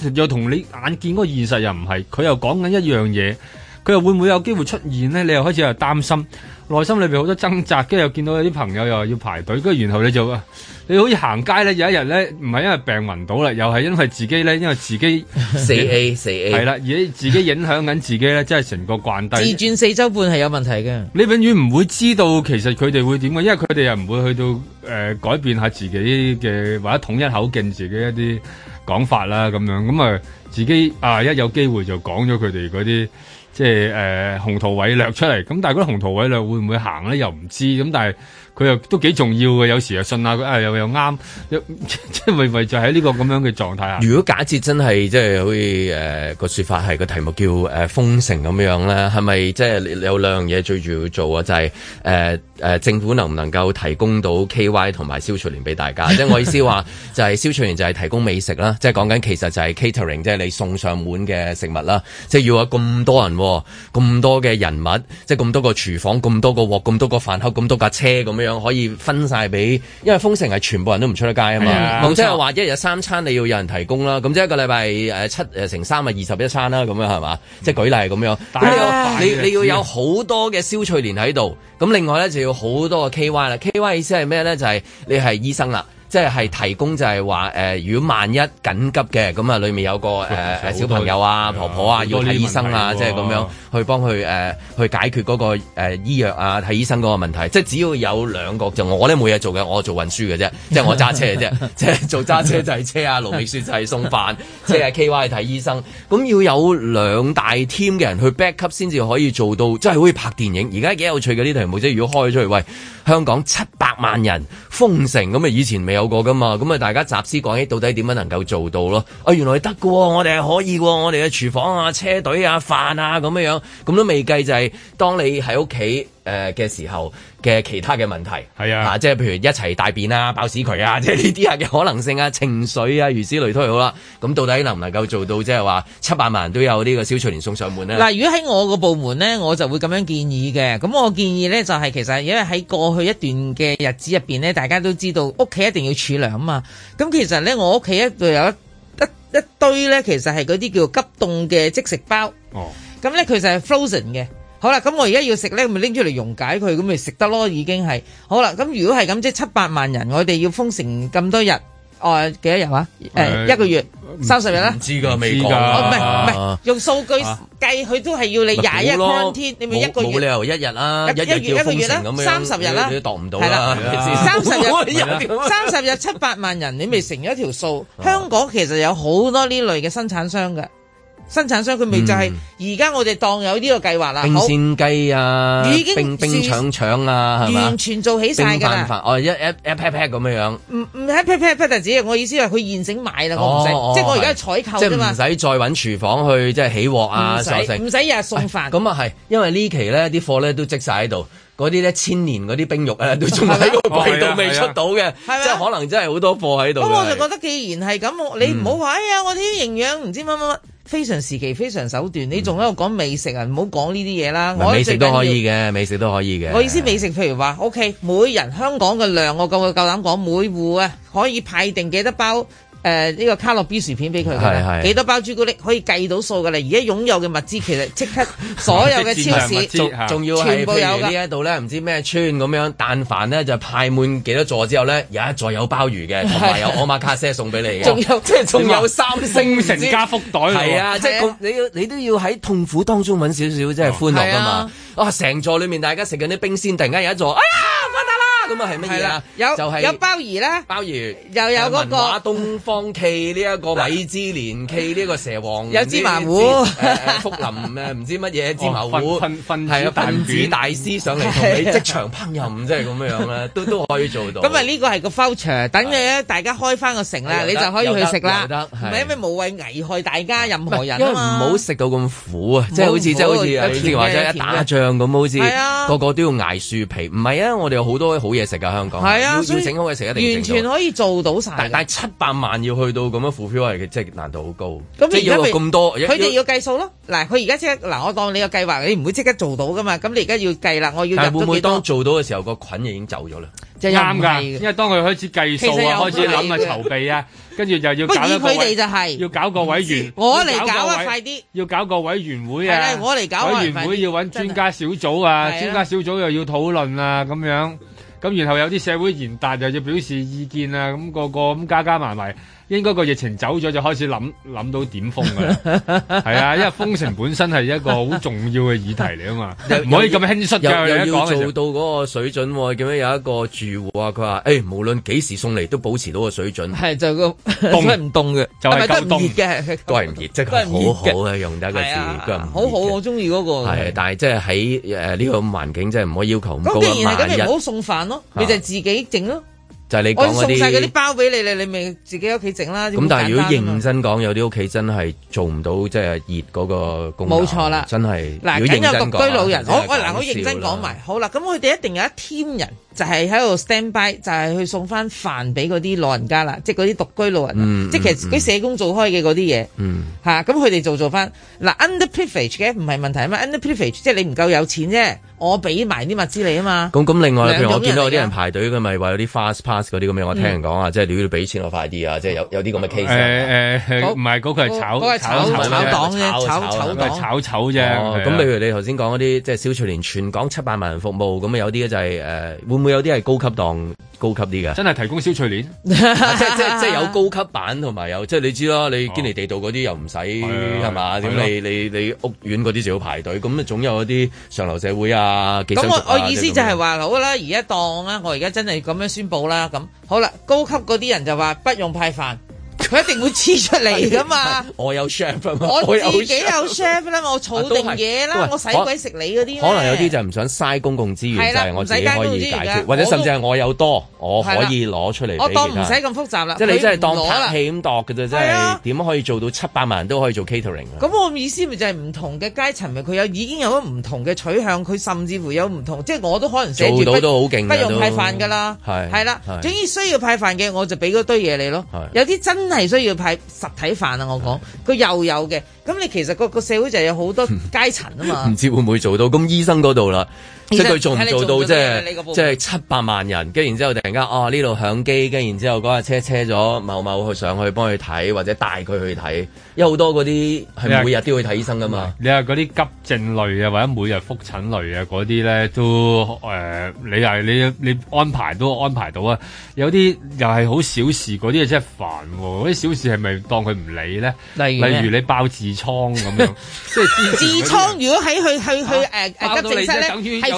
咁又同你眼見嗰個現實又唔係，佢又講緊一樣嘢，佢又會唔會有機會出現咧？你又開始又擔心。內心裏邊好多掙扎，跟住又見到有啲朋友又要排隊，跟住然後你就啊，你好似行街咧，有一日咧，唔係因為病暈到啦，又係因為自己咧，因為自己四 A，四 A，係啦，而自己影響緊自己咧，真係成個慣低，自轉四周半係有問題嘅。你永遠唔會知道其實佢哋會點嘅，因為佢哋又唔會去到誒、呃、改變下自己嘅或者統一口徑自己一啲講法啦咁樣，咁啊自己啊一有機會就講咗佢哋嗰啲。即係誒鴻圖偉略出嚟，咁但係嗰啲鴻圖偉略會唔會行咧？又唔知咁，但係。佢又都幾重要嘅，有時又信下佢，啊又又啱，即係會唔會就喺呢個咁樣嘅狀態啊！如果假設真係即係好似誒個說法係個題目叫誒、呃、封城咁樣咧，係咪即係有兩樣嘢最重要做啊？就係誒誒政府能唔能夠提供到 KY 同埋消除聯俾大家？ (laughs) 即係我意思話就係消除聯就係提供美食啦，即係講緊其實就係 catering，即係你送上門嘅食物啦。即係要有咁多人，咁多嘅人物，即係咁多個廚房，咁多個鑊，咁多個飯盒，咁多架車咁樣。可以分晒俾，因為封城係全部人都唔出得街啊嘛。即係話一日三餐你要有人提供啦。咁即係一個禮拜誒七誒、呃呃、成三日二十一餐啦，咁樣係嘛？即係、嗯、舉例咁樣。是你你要有好多嘅消翠連喺度。咁另外咧就要好多嘅 KY 啦。KY 意思係咩咧？就係、是、你係醫生啦。即係，係提供，就係話誒如果萬一緊急嘅咁啊，裏面有個誒、呃、小朋友啊、婆婆啊、啊要睇醫生啊，即係咁樣去幫佢誒去解決嗰、那、誒、個呃、醫藥啊睇醫生嗰個問題，即係只要有兩個就我咧冇嘢做嘅，我做運輸嘅啫，即係我揸車嘅啫，即係 (laughs) 做揸車就係車啊，盧覓雪就係送飯，即係 (laughs) K Y 睇醫生。咁要有兩大 team 嘅人去 back up 先至可以做到，即係可以拍電影。而家幾有趣嘅呢題目，即係如果開出去喂香港七百萬人封城咁啊，以前未。有過噶嘛？咁啊，大家集思廣益，到底點樣能夠做到咯？啊，原來得嘅喎，我哋係可以喎，我哋嘅廚房啊、車隊啊、飯啊咁樣樣，咁都未計，就係當你喺屋企。誒嘅、呃、時候嘅其他嘅問題係啊，啊，即係譬如一齊大便啊、爆屎渠啊，即係呢啲嘅可能性啊、情緒啊，如此類推好、好、嗯、啦，咁到底能唔能夠做到即係話七百萬都有呢個小翠蓮送上門呢？嗱，如果喺我個部門呢，我就會咁樣建議嘅。咁我建議呢，就係、是、其實因為喺過去一段嘅日子入面呢，大家都知道屋企一定要儲糧啊嘛。咁其實呢，我屋企一度有一一一堆呢，其實係嗰啲叫急凍嘅即食包。哦，咁呢佢就係 frozen 嘅。好啦，咁我而家要食咧，咪拎出嚟溶解佢，咁咪食得咯，已經係。好啦，咁如果係咁，即係七八萬人，我哋要封城咁多日，哦，幾多日啊？誒一個月三十日啦。唔知㗎，未講。唔係唔係，用數據計佢都係要你廿一天，你咪一個月。冇理由一日啦，一月，一個月啦，三十日啦，度唔到啦。三十日，三十日七八萬人，你未成咗一條數？香港其實有好多呢類嘅生產商嘅。生產商佢咪就係而家我哋當有呢個計劃啦，冰鮮雞啊，已經冰冰腸腸啊，完全做起晒㗎啦！哦，一一，p p app app 咁樣樣，唔唔 app app app，我意思係佢現成買啦，我唔使，即係我而家採購啫嘛，唔使再揾廚房去即係起鑊啊，唔使日日送飯。咁啊係，因為呢期咧啲貨咧都積晒喺度，嗰啲咧千年嗰啲冰肉咧都仲喺個櫃度未出到嘅，即係可能真係好多貨喺度。咁我就覺得既然係咁，你唔好話哎呀，我啲營養唔知乜乜乜。非常時期非常手段，你仲喺度講美食啊？唔好講呢啲嘢啦不我美。美食都可以嘅，美食都可以嘅。我意思美食，譬如話，OK，每人香港嘅量，我夠夠膽講，每戶啊可以派定幾多包。誒呢個卡樂 B 薯片俾佢嘅，幾多包朱古力可以計到數㗎咧？而家擁有嘅物資其實即刻所有嘅超市仲要係全部有嘅呢一度咧，唔知咩村咁樣，但凡咧就派滿幾多座之後咧，有一座有鮑魚嘅，同埋有奧馬卡西送俾你嘅，仲有即係仲有三星成家福袋，係啊，即係你要你都要喺痛苦當中搵少少即係歡樂㗎嘛！啊，成座裏面大家食緊啲冰鮮，突然間有一座，哎呀，翻大陸。咁啊，係乜嘢啊？有有鮑魚啦，鮑魚又有嗰個東方 K 呢一個米芝蓮 K 呢個蛇王，有芝麻糊，福林誒唔知乜嘢芝麻糊，訓啊，住弟子大師上嚟同你即場烹飪，即係咁嘅樣啦，都都可以做到。咁啊，呢個係個 voucher，等你大家開翻個城啦，你就可以去食啦。唔係因為無謂危害大家任何人因嘛。唔好食到咁苦啊！即係好似即係好似之前話齋一打仗咁好似個個都要挨樹皮。唔係啊，我哋有好多好。嘢食噶香港，要要整好嘢食，一定完全可以做到晒。但係七百萬要去到咁樣付票，係即係難度好高。咁你而家咁多，佢哋要計數咯。嗱，佢而家即係嗱，我當你個計劃，你唔會即刻做到噶嘛。咁你而家要計啦，我要入咗幾多？做到嘅時候，個菌就已經走咗啦。啱噶，因為當佢開始計數啊，開始諗啊，籌備啊，跟住就要搞一，要搞個委員，我嚟搞啊，快啲，要搞個委員會啊，我嚟搞委員會要揾專家小組啊，專家小組又要討論啊，咁樣。咁然後有啲社會賢達又要表示意見啊，咁個個咁加加埋埋。應該個疫情走咗就開始諗諗到點封噶啦，係啊，因為封城本身係一個好重要嘅議題嚟啊嘛，唔可以咁輕率，又要做到嗰個水準。咁樣有一個住戶啊？佢話：，誒，無論幾時送嚟都保持到個水準。係就個凍唔凍嘅，就係得唔熱嘅，都係唔熱，即係好好啊，用得個字，好好，我中意嗰個。但係即係喺呢個環境，即係唔可以要求咁高。咁既然係咁，咪唔好送飯咯，你就自己整咯。就係你講嗰啲，我送晒嗰啲包俾你咧，你咪自己屋企整啦。咁但係如果認真講，有啲屋企真係做唔到，即係熱嗰個功能，冇錯啦，真係。嗱，緊有獨居老人，我我嗱，我認真講埋，好啦，咁佢哋一定有一 team 人就係喺度 stand by，就係去送翻飯俾嗰啲老人家啦，即係嗰啲獨居老人啦、嗯嗯、即係其實社工做開嘅嗰啲嘢，嚇、嗯，咁佢哋做做翻。嗱，underprivilege 嘅唔係問題啊嘛，underprivilege 即係你唔夠有錢啫，我俾埋啲物資你啊嘛。咁咁另外，譬如我見到有啲人排隊，佢咪話有啲 fast pass。啲咁樣，我聽人講啊，嗯、即係你要俾錢我快啲啊！即係有有啲咁嘅 case。誒唔係嗰個係炒炒炒檔嘅，炒炒炒炒炒啫。咁譬如你頭先講嗰啲，即係小徐連全港七百萬人服務，咁啊有啲就係、係、誒、呃，會唔會有啲係高級檔？高級啲㗎，真係提供消脆鏈，即係即係即係有高級版同埋有，有，即係你知囉，你堅尼地道嗰啲又唔使係嘛，咁你你你屋苑嗰啲就要排隊，咁啊總有一啲上流社會啊，咁、啊、我我意思就係話好啦，而家當啦，我而家真係咁樣宣佈啦，咁好啦，高級嗰啲人就話不用派飯。佢 (laughs) 一定會黐出嚟㗎嘛！我有 chef 啊嘛！我自己有 chef 啦，我儲定嘢啦，我使鬼食你嗰啲。可能有啲就唔想嘥公共資源，就係我自己可以解決，或者甚至係我有多，我可以攞出嚟俾其他。我當唔使咁複雜啦，即係你真係當拍戲咁度嘅啫，即係點可以做到七百萬人都可以做 catering？咁我意思咪就係唔同嘅階層，咪佢有已經有咗唔同嘅取向，佢甚至乎有唔同，即係我都可能寫住。做到好勁，不用派飯㗎啦。係係啦，總之需要派飯嘅，我就俾嗰堆嘢你咯。有啲真。真係需要派實體飯啊！我講佢又有嘅，咁你其實個社會就有好多階層啊嘛，唔 (laughs) 知會唔會做到？咁醫生嗰度啦。即佢做唔做到，即係即係七百萬人，跟然之後突然間哦呢度響機，跟然之後嗰架車車咗某某去上去幫佢睇，或者帶佢去睇。因為好多嗰啲係每日都要去睇醫生噶嘛。你話嗰啲急症類啊，或者每日覆診類啊嗰啲咧，都誒、呃、你又你你，你安排都，都安排到啊。有啲又係好小事嗰啲真係煩喎。嗰啲小事係咪當佢唔理咧？例如，例如你爆痔瘡咁樣，即係 (laughs) 痔瘡。如果喺去去去誒急症室呢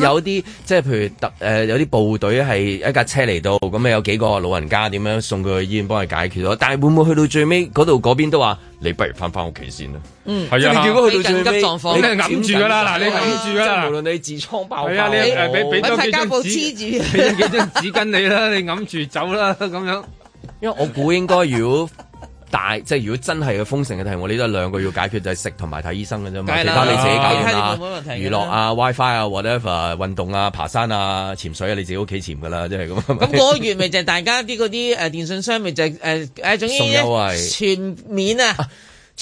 有啲即係譬如特、呃、有啲部隊係一架車嚟到，咁、嗯、咪有幾個老人家點樣送佢去醫院幫佢解決咗。但係會唔會去到最尾嗰度嗰邊都話你不如返返屋企先啦，嗯，係啊、嗯，你叫佢去到最尾，緊急狀況，你係揞住㗎啦，你揞住㗎啦，無論你痔瘡爆發，你係俾俾幾張紙 (laughs) 巾你啦，你揞住走啦咁樣，因為我估應該如大即係如果真係嘅封城嘅題，我呢度兩兩個要解決就係食同埋睇醫生嘅啫嘛，的其他你自己搞掂啦，啊、娛樂啊、啊、WiFi 啊、whatever、運動啊、爬山啊、潛水啊，你自己屋企潛噶啦，即係咁。咁嗰月咪就係大家啲嗰啲誒電信商咪就係誒誒總之全面啊。啊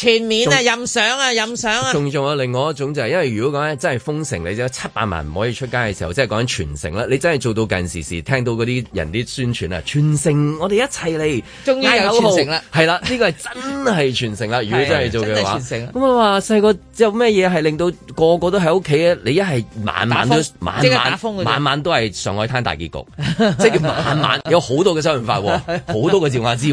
全面啊！任賞啊！任賞啊！仲仲有另外一種就係，是，因為如果講真係封城，你就有七百萬唔可以出街嘅時候，即係講緊全城啦。你真係做到近時時聽到嗰啲人啲宣傳啊，全城，我哋一齊嚟，終於有號全城啦。係啦，呢、這個係真係全城啦。 (laughs) 如果真係做嘅話，咁我話細個有咩嘢係令到個個都喺屋企咧？你一係晚晚都晚晚晚晚都係上海灘大結局， (laughs) 即係叫晚晚有好多嘅周潤發，好 (laughs) 多嘅趙雅芝。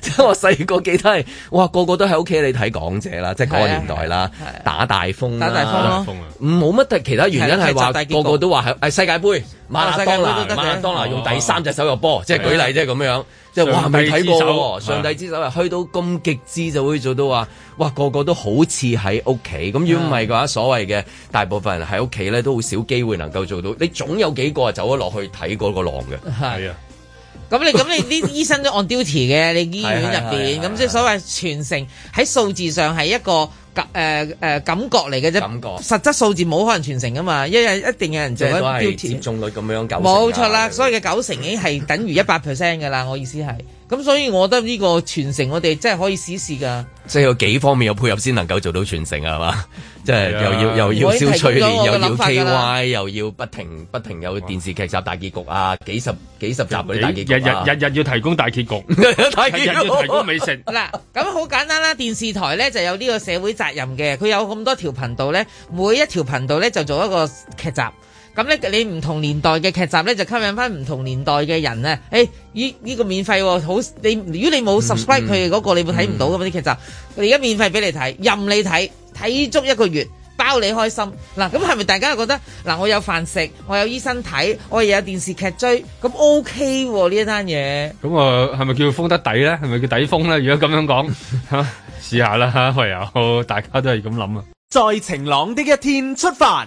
即 (laughs) 係我細個記得。哇！個個都喺屋企，你睇港姐啦，即係嗰個年代啦，打大風啦，冇乜其他原因係話個個都話係誒世界盃，馬拉多納，馬拉當拿用第三隻手入波，即係舉例即係咁樣，即係哇！咪睇波上帝之手啊，去到咁極之就會做到話，哇！個個都好似喺屋企，咁如果唔係嘅話，所謂嘅大部分人喺屋企咧都好少機會能夠做到，你總有幾個啊走咗落去睇嗰個浪嘅，係啊。咁 (laughs) 你咁你啲醫生都 on duty 嘅，你醫院入面，咁即所謂傳承喺數字上係一個誒感覺嚟嘅啫，感覺，感覺實質數字冇可能傳承噶嘛，一定有人做喺都 duty。即係都係接種率咁樣九成。冇錯啦，所謂嘅九成已經係等於一百 percent 噶啦， (laughs) 我意思係。咁所以，我覺得呢個傳承我哋真係可以試試㗎。即係有幾方面有配合先能夠做到傳承啊，係咪？即係又要又要消催，又要，又要 KY 又要不停不停有電視劇集大結局啊，幾十幾十集嘅大結局，啊，日日日日要提供大結局，日日 (laughs) 要提供美食。嗱，咁好簡單啦，電視台咧就有呢個社會責任嘅，佢有咁多條頻道咧，每一條頻道咧就做一個劇集。咁咧，你唔同年代嘅劇集咧，就吸引翻唔同年代嘅人咧。誒、欸，呢、這、依個免費，好，你如果你冇 subscribe 佢嗰個，嗯嗯、你會睇唔到咁啲劇集。我而家免費俾你睇，任你睇，睇足一個月包你開心。嗱，咁係咪大家覺得嗱？我有飯食，我有醫生睇，我又有電視劇追，咁 OK 呢一單嘢。咁啊，係咪叫封得底咧？係咪叫底封咧？如果咁樣講，吓試 (laughs) 下啦，吓，喂，大家都係咁諗啊。在晴朗的一天出發。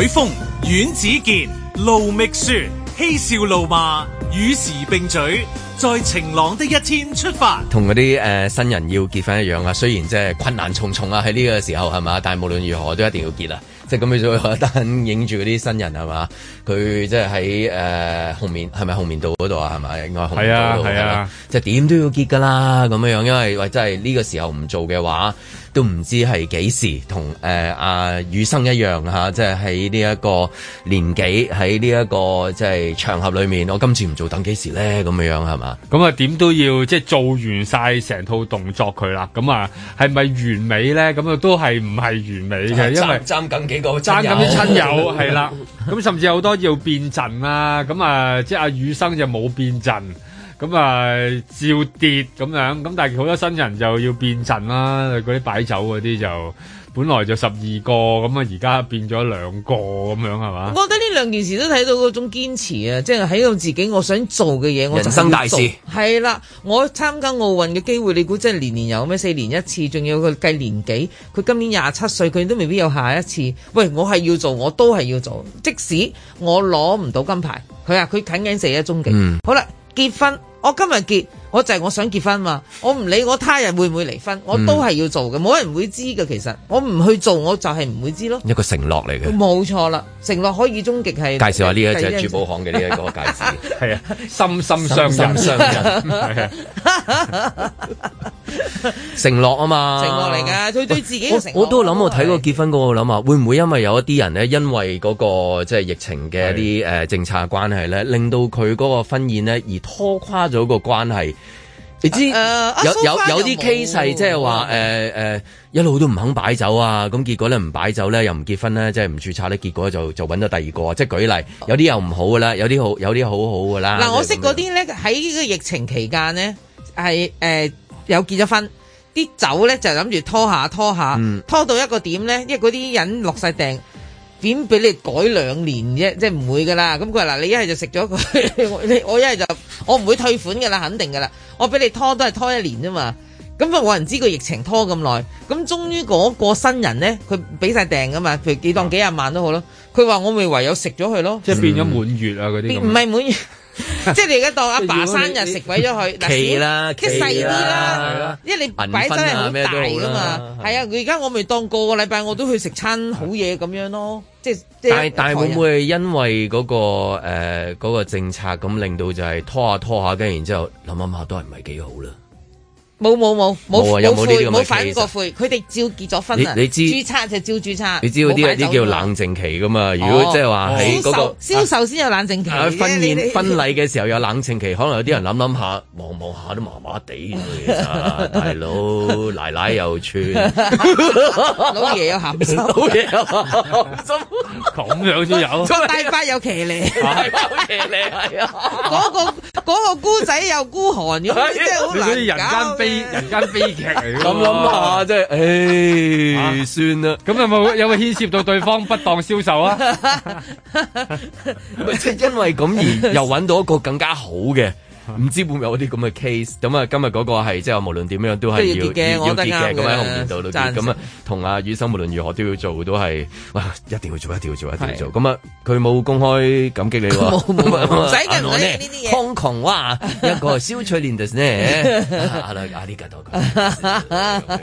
海峰、阮子健、盧覓雪嬉笑怒罵與時並嘴，在晴朗的一天出發。同嗰啲誒新人要結婚一樣啊，雖然即係困難重重啊，喺呢個時候係嘛，但係無論如何都一定要結啦。 (laughs) 即係咁樣做，得影住嗰啲新人係嘛，佢即係喺誒紅棉係咪紅棉道嗰度啊？係咪應該係啊？係啊，即係點都要結噶啦，咁樣樣，因為喂真係呢個時候唔做嘅話。都唔知係幾時，同誒阿雨生一樣，啊、即係喺呢一個年紀，喺呢一個即係場合裏面，我今次唔做，等幾時咧？咁樣樣係嘛？咁啊，點都要即係、就是、做完晒成套動作佢啦。咁啊，係咪完美咧？咁啊，都係唔係完美嘅？因為爭緊幾個，爭緊啲親友係啦。咁 (laughs) 甚至好多要變陣啦。咁啊，即係阿、啊、雨生就冇變陣。咁啊、嗯，照跌咁樣，咁但係好多新人就要變陣啦，嗰啲擺酒嗰啲就本來就十二個，咁啊而家變咗兩個咁樣係嘛？我覺得呢兩件事都睇到嗰種堅持啊，即係喺度自己我想做嘅嘢，我就想做。人生大事係啦，我參加奧運嘅機會你估真係年年有咩？四年一次，仲要佢計年紀，佢今年廿七歲，佢都未必有下一次。喂，我係要做，我都係要做，即使我攞唔到金牌，佢啊，佢近緊四一終極。嗯、好啦，結婚。我今日結。Oh, 我就係我想結婚嘛，我唔理我他人會唔會離婚，我都係要做嘅，冇人會知嘅，其實我，我唔去做我就係唔會知咯。一個承諾嚟嘅，冇錯啦，承諾可以終極係介紹下呢一隻珠寶行嘅呢一個戒指，係 (laughs) 啊，心心相印，深深相印，承諾啊嘛，承諾嚟嘅，佢對自己嘅承諾。我都諗我睇過結婚嗰個諗啊，是我想想會唔會因為有一啲人呢，因為嗰個即係疫情嘅一啲誒政策關係咧，是令到佢嗰個婚宴呢，而拖垮咗個關係？你知有、呃啊、有有啲 case 即係話誒誒一路都唔肯擺酒啊，咁結果咧唔擺酒咧，又唔結婚咧，即係唔註冊咧，結果就就搵到第二個，即係舉例，有啲又唔好噶啦，有啲好有啲好好噶啦。嗱，我識嗰啲咧喺呢個疫情期間咧，係誒、呃、有結咗婚，啲酒咧就諗住拖下拖下，拖，下嗯、拖到一個點咧，因為嗰啲人落晒訂。嗯。點俾你改兩年啫？即係唔會噶啦。咁佢話嗱，你一係就食咗佢，你我一係就我唔會退款噶啦，肯定噶啦。我俾你拖都係拖一年啫嘛。咁不過冇人知個疫情拖咁耐。咁終於嗰個新人咧，佢俾晒訂噶嘛，譬如幾當幾廿萬都好咯。佢話我咪唯有食咗佢咯。即係變咗滿月啊！嗰啲唔係滿月。 (laughs) (laughs) 即係你而家當阿爸，爸生日食鬼咗佢，企啦，即係細啲啦，了因為你擺真係好大噶嘛。係啊，佢而家、啊啊、我咪當過個個禮拜我都去食餐好嘢咁樣咯。即係，但係會唔會因為嗰、嗰個誒嗰、呃嗰個政策咁令到就係拖下拖下嘅，然之後諗下諗下都係唔係幾好啦。冇冇冇冇冇冇冇反過悔，佢哋照結咗婚，你知註冊就照註冊。你知嗰啲叫冷靜期噶嘛？如果即係話喺嗰個銷售先有冷靜期。婚宴婚禮嘅時候有冷靜期，可能有啲人諗諗下望望下都麻麻地，大佬奶奶又串，老爺又鹹濕，咁樣都有。大伯有騎呢，騎呢係啊。嗰個嗰個姑仔又孤寒，咁樣真係好難人間悲劇嚟、啊，咁諗下即係，唉，哎啊、算啦了。咁有冇有冇牽涉到對方不當銷售啊？即係 (laughs) (laughs) 因為咁而又揾到一個更加好嘅。唔知會唔會有啲咁嘅 case？咁啊，今日嗰個係即係無論點樣都係要要結嘅，咁喺度咁啊，同阿雨生無論如何都要做，都係哇，一定要做，一定要做，一定要做。咁啊，佢冇公開感激你喎，唔使嘅，唔使呢啲嘢。康狂哇，一個消翠蓮子呢？阿阿呢個都咁，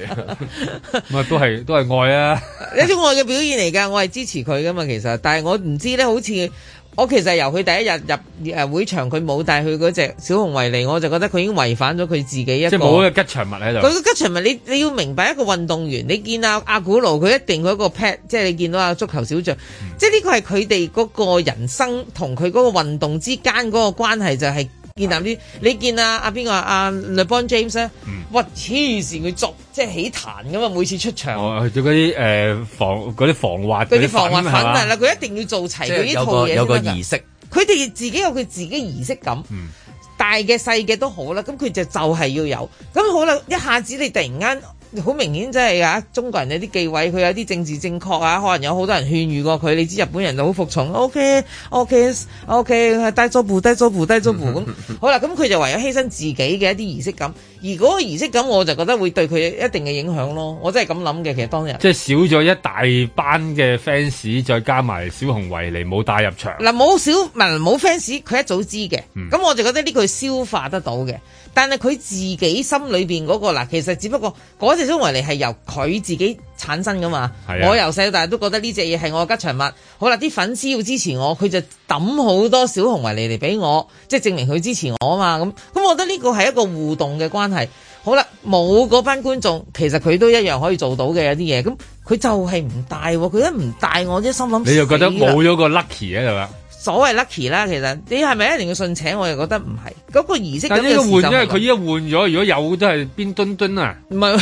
咁啊都係都係愛啊，一種愛嘅表現嚟㗎。我係支持佢㗎嘛，其實，但係我唔知咧，好似。我其實由佢第一日入誒會場，佢冇帶佢嗰隻小熊維尼，我就覺得佢已經違反咗佢自己一個。即係冇嗰個吉祥物喺度。佢個吉祥物，你你要明白一個運動員，你見啊阿古路佢一定嗰個 pat，即係你見到啊足球小將，嗯、即係呢個係佢哋嗰個人生同佢嗰個運動之間嗰個關係就係、是。見啲，你見啊阿邊個阿、啊、LeBron James 咧、嗯，哇黐線佢做即係起壇噶嘛，每次出場哦做嗰啲誒防啲防滑啲防滑粉啊，嗱佢吧一定要做齊佢呢套嘢先得。有個儀式，佢哋自己有佢自己儀式感，嗯、大嘅細嘅都好啦。咁佢就就係要有，咁可能一下子你突然間。好明顯真，真係啊中國人有啲忌諱，佢有啲政治正確啊，可能有好多人勸喻過佢。你知日本人好服從，OK，OK，OK，低咗步，低咗步，低咗步咁。好啦，咁佢就唯有犧牲自己嘅一啲儀式感。而嗰個儀式咁，我就覺得會對佢有一定嘅影響咯。我真係咁諗嘅。其實當日即係少咗一大班嘅 fans，再加埋小熊維尼冇帶入場。嗱，冇小文冇 fans，佢一早知嘅。咁、嗯、我就覺得呢句消化得到嘅。但係佢自己心裏面嗰、嗰個嗱，其實只不過嗰隻小熊維尼係由佢自己產生噶嘛？是啊、我由細到大都覺得呢隻嘢係我嘅吉祥物。好啦，啲粉絲要支持我，佢就抌好多小熊維尼嚟嚟俾我，即係證明佢支持我啊嘛。咁咁，我覺得呢個係一個互動嘅關係。好啦，冇嗰班觀眾，其實佢都一樣可以做到嘅一啲嘢。咁佢就係唔帶、啊，佢都唔帶我，啲心諗。你就覺得冇咗個 lucky 喺度啦。所謂 lucky 啦，其實你係咪一定要信邪？我就覺得唔係嗰個儀式。但係換，因為佢依家換咗。如果有都係邊墩墩啊？唔係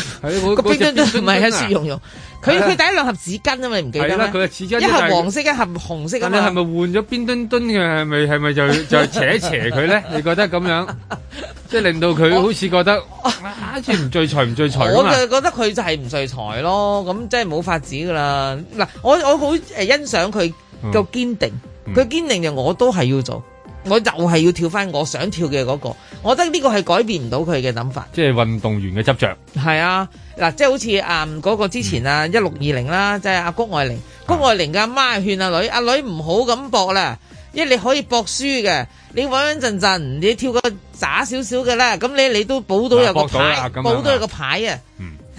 個邊墩墩唔係雪融融。佢佢第一兩盒紙巾啊嘛，你唔記得啦。佢一盒黃色，一盒紅色。咁你係咪換咗邊墩墩嘅？係咪係咪就就斜斜佢咧？你覺得咁樣即係令到佢好似覺得好似唔聚財唔聚財。我就覺得佢就係唔聚財咯。咁真係冇法子噶啦。嗱，我我好誒欣賞佢夠堅定。佢堅、嗯、定就我都係要做，我就係要跳翻我想跳嘅嗰、嗰個，我覺得呢個係改變唔到佢嘅諗法。即係運動員嘅執着。係啊，嗱，即係好似啊嗰個之前啊一六二零啦，即係、嗯、阿谷愛玲，嗯、谷愛玲嘅阿媽勸阿女，阿女唔好咁搏啦，因為你可以搏輸嘅，你穩穩陣陣，你跳個渣少少嘅啦，咁你你都補到有一個牌，補、啊啊啊、到有一個牌啊，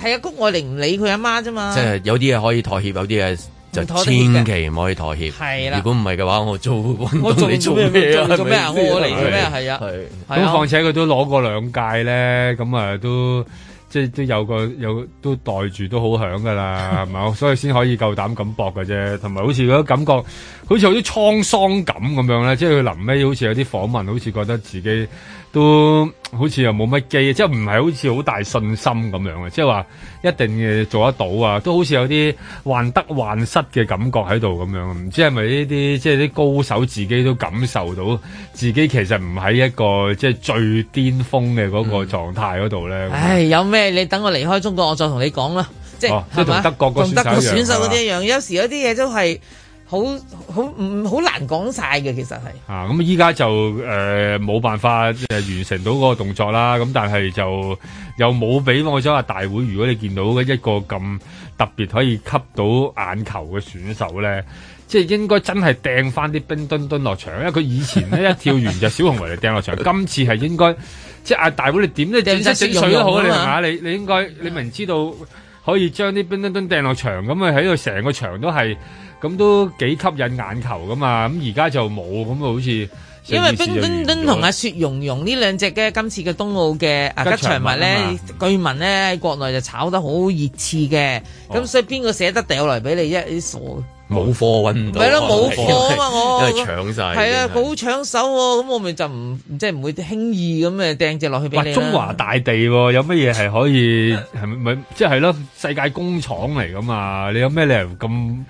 係啊、嗯，谷愛玲唔理佢阿媽啫嘛。即係有啲嘢可以妥協，有啲嘢。就千祈唔可以妥協，係啦。如果唔係嘅話，我做動我動你做咩做咩是啊？我嚟做咩啊？係啊。咁況且佢都攞過兩屆咧，咁啊都即係都有個有都袋住都好響噶啦，係咪？ (laughs) 所以先可以夠膽咁搏嘅啫。同埋好似嗰感覺，好似有啲滄桑感咁樣咧。即係佢臨尾好似有啲訪問，好似覺得自己。都好似又冇乜機，即係唔係好似好大信心咁樣嘅，即係話一定要做得到啊！都好似有啲患得患失嘅感覺喺度咁樣，唔知係咪呢啲即係啲高手自己都感受到自己其實唔喺一個即係最巔峰嘅嗰個狀態嗰度咧。唉，有咩？你等我離開中國，我再同你講啦。即係同、哦、吧德國個選手一樣，有時有啲嘢都係。好好唔、嗯、好難講晒嘅，其實係啊，咁依家就誒冇、呃、辦法、呃、完成到嗰個動作啦。咁、嗯、但係就又冇俾我想話大會，如果你見到一個咁特別可以吸到眼球嘅選手咧，即、就、係、是、應該真係掟翻啲冰墩墩落場，因為佢以前呢 (laughs) 一跳完就小紅圍嚟掟落場。 (laughs) 今次係應該即係大會你，你點都掟出水都好，你係你你應該你明知道。可以將啲冰墩墩掟落牆，咁啊喺度成個牆都係，咁都幾吸引眼球噶嘛，咁而家就冇，咁、嗯、啊好似。因為冰墩墩同阿雪容融呢兩隻嘅今次嘅冬奧嘅吉祥物咧，據聞咧喺國內就炒得好熱刺嘅，咁所以邊個捨得掉落嚟俾你一啲傻嘅。啊，冇貨，揾唔到，唔係咯，冇貨啊嘛！我搶晒，係啊，好搶手喎。啊，咁我咪就唔即係唔會輕易咁誒掟隻落去俾你。中華大地有乜嘢係可以係咪即係咯？是是就是，世界工廠嚟噶嘛？你有咩理由咁？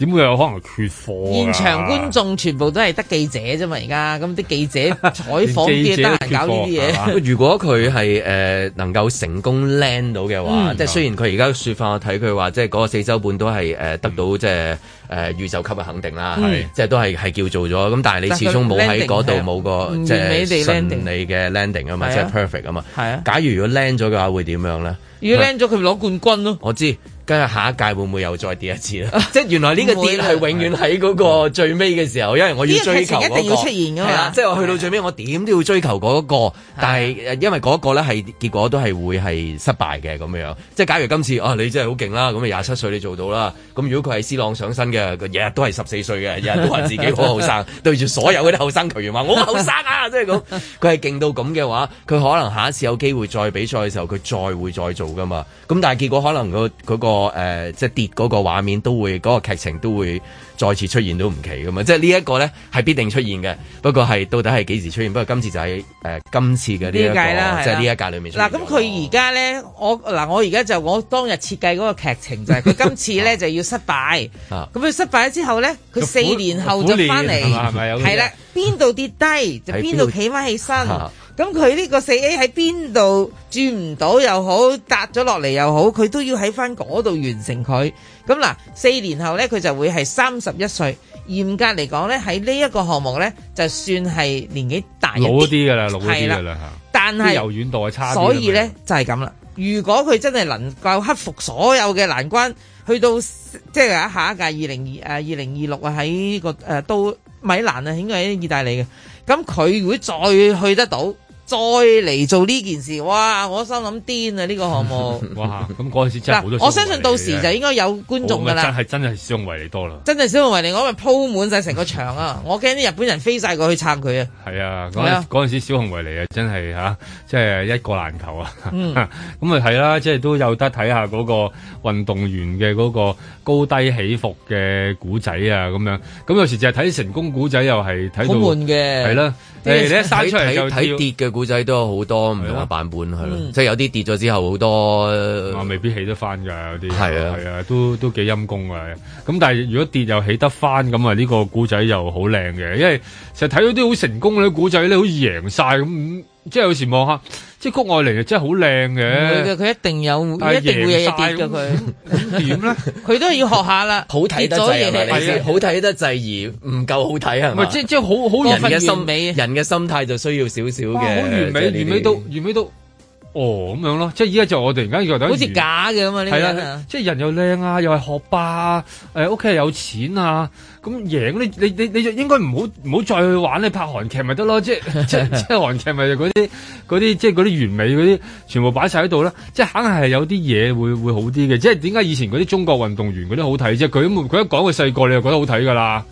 點會有可能缺貨啊？現場觀眾全部都係得記者啫嘛，而家咁啲記者採訪先得閒搞呢啲嘢。如果佢係誒能夠成功 land 到嘅話，即係雖然佢而家說法，我睇佢話即係嗰個四周半都係誒得到即係誒宇宙級嘅肯定啦，即係都係係叫做咗。咁但係你始終冇喺嗰度冇個即係順利嘅 landing 啊嘛，即係 perfect 啊嘛。係啊，假如如果 land 咗嘅話，會點樣咧？如果 land 咗，佢攞冠軍咯。我知。跟住下一屆會唔會又再跌一次咧？即 (laughs) 原來呢個跌係永遠喺嗰個最尾嘅時候，因為我要追求一定要出現㗎嘛， (laughs) 即係我去到最尾，我點都要追求嗰個。 (laughs) 但係因為嗰個咧係結果都係會係失敗嘅咁樣。即假如今次啊，你真係好勁啦！咁啊廿七歲你做到啦。咁如果佢係師朗上身嘅，日日都係十四歲嘅，日日都話自己好後生， (laughs) 對住所有嗰啲後生球員話我後生啊！即係咁，佢係勁到咁嘅話，佢可能下一次有機會再比賽嘅時候，佢再會再做噶嘛。咁但係結果可能誒、呃，即係跌嗰個畫面都會，嗰、那個劇情都會再次出現都唔奇噶嘛？即係呢一個咧係必定出現嘅，不過係到底係幾時出現？不過今次就喺、是、誒、呃、今次嘅呢一屆啦、啊、即係呢一屆裏面、啊。嗱、啊，咁佢而家咧，我嗱我而家就我當日設計嗰個劇情就係佢今次咧 (laughs) 就要失敗，咁佢、啊、失敗之後咧，佢四年後就翻嚟，係咪有？係啦，邊度跌低就邊度企翻起身。啊咁佢呢個四 A 喺邊度轉唔到又好，搭咗落嚟又好，佢都要喺返嗰度完成佢。咁嗱，四年後咧，佢就會係三十一歲。嚴格嚟講咧，喺呢一個項目咧，就算係年紀大，老一啲噶啦，老一啲噶啦嚇。但係柔軟度係差，所以咧就係咁啦。如果佢真係能夠克服所有嘅難關，去到即係喺下一屆二零二誒二零二六啊，喺呢個誒到米蘭啊，應該喺意大利嘅。咁佢會再去得到，再嚟做呢件事，哇！我心諗癲啊！呢、呢個項目， (laughs) 哇！咁嗰陣時真係好多， (laughs) 我相信到時就應該有觀眾㗎啦。真係真係小熊維尼多啦，真係小熊維尼，我咪鋪滿晒成個場啊！ (laughs) 我驚啲日本人飛晒過去撐佢啊！係啊，嗰陣時小熊維尼啊，真係嚇，即係一個難求啊！咁咪係啦，即係都有得睇下嗰個運動員嘅嗰個高低起伏嘅古仔啊，咁樣咁有時就係睇成功古仔又係睇到悶嘅係啦，啲人咧生出嚟又睇跌嘅古仔都有好多唔同嘅版本，係咯，即係有啲跌咗之後好多，啊未必起得翻噶，有啲係啊係啊，啊，都都幾陰功嘅。咁、啊、但係如果跌又起得翻，咁啊呢個古仔又好靚嘅，因為成日睇到啲好成功嘅啲古仔咧，好似贏晒咁。嗯即係有時望下，即係谷愛凌啊，真係好靚嘅。佢佢一定有，一定會有嘢跌嘅佢。點咧？佢 (laughs) 都係要學下啦， (laughs) 好睇得滯，好睇得滯而唔夠好睇即係即係好好人嘅心理，怨人嘅心態就需要少少嘅。完美，完美，完美到完美到。哦，咁樣咯，即係依家就我突然間覺得好似假嘅咁啊！呢啲係啦，即係人又靚啊，又係學霸，啊，誒、哎，屋企又有錢啊，咁贏你你你你你應該唔好唔好再去玩你拍韓劇咪得咯，即係 (laughs) 即係即係韓劇咪就嗰啲嗰啲即係嗰啲完美嗰啲，全部擺晒喺度咧，即係肯定係有啲嘢會會好啲嘅，即係點解以前嗰啲中國運動員嗰啲好睇啫？佢佢一講佢細個，你就覺得好睇噶啦。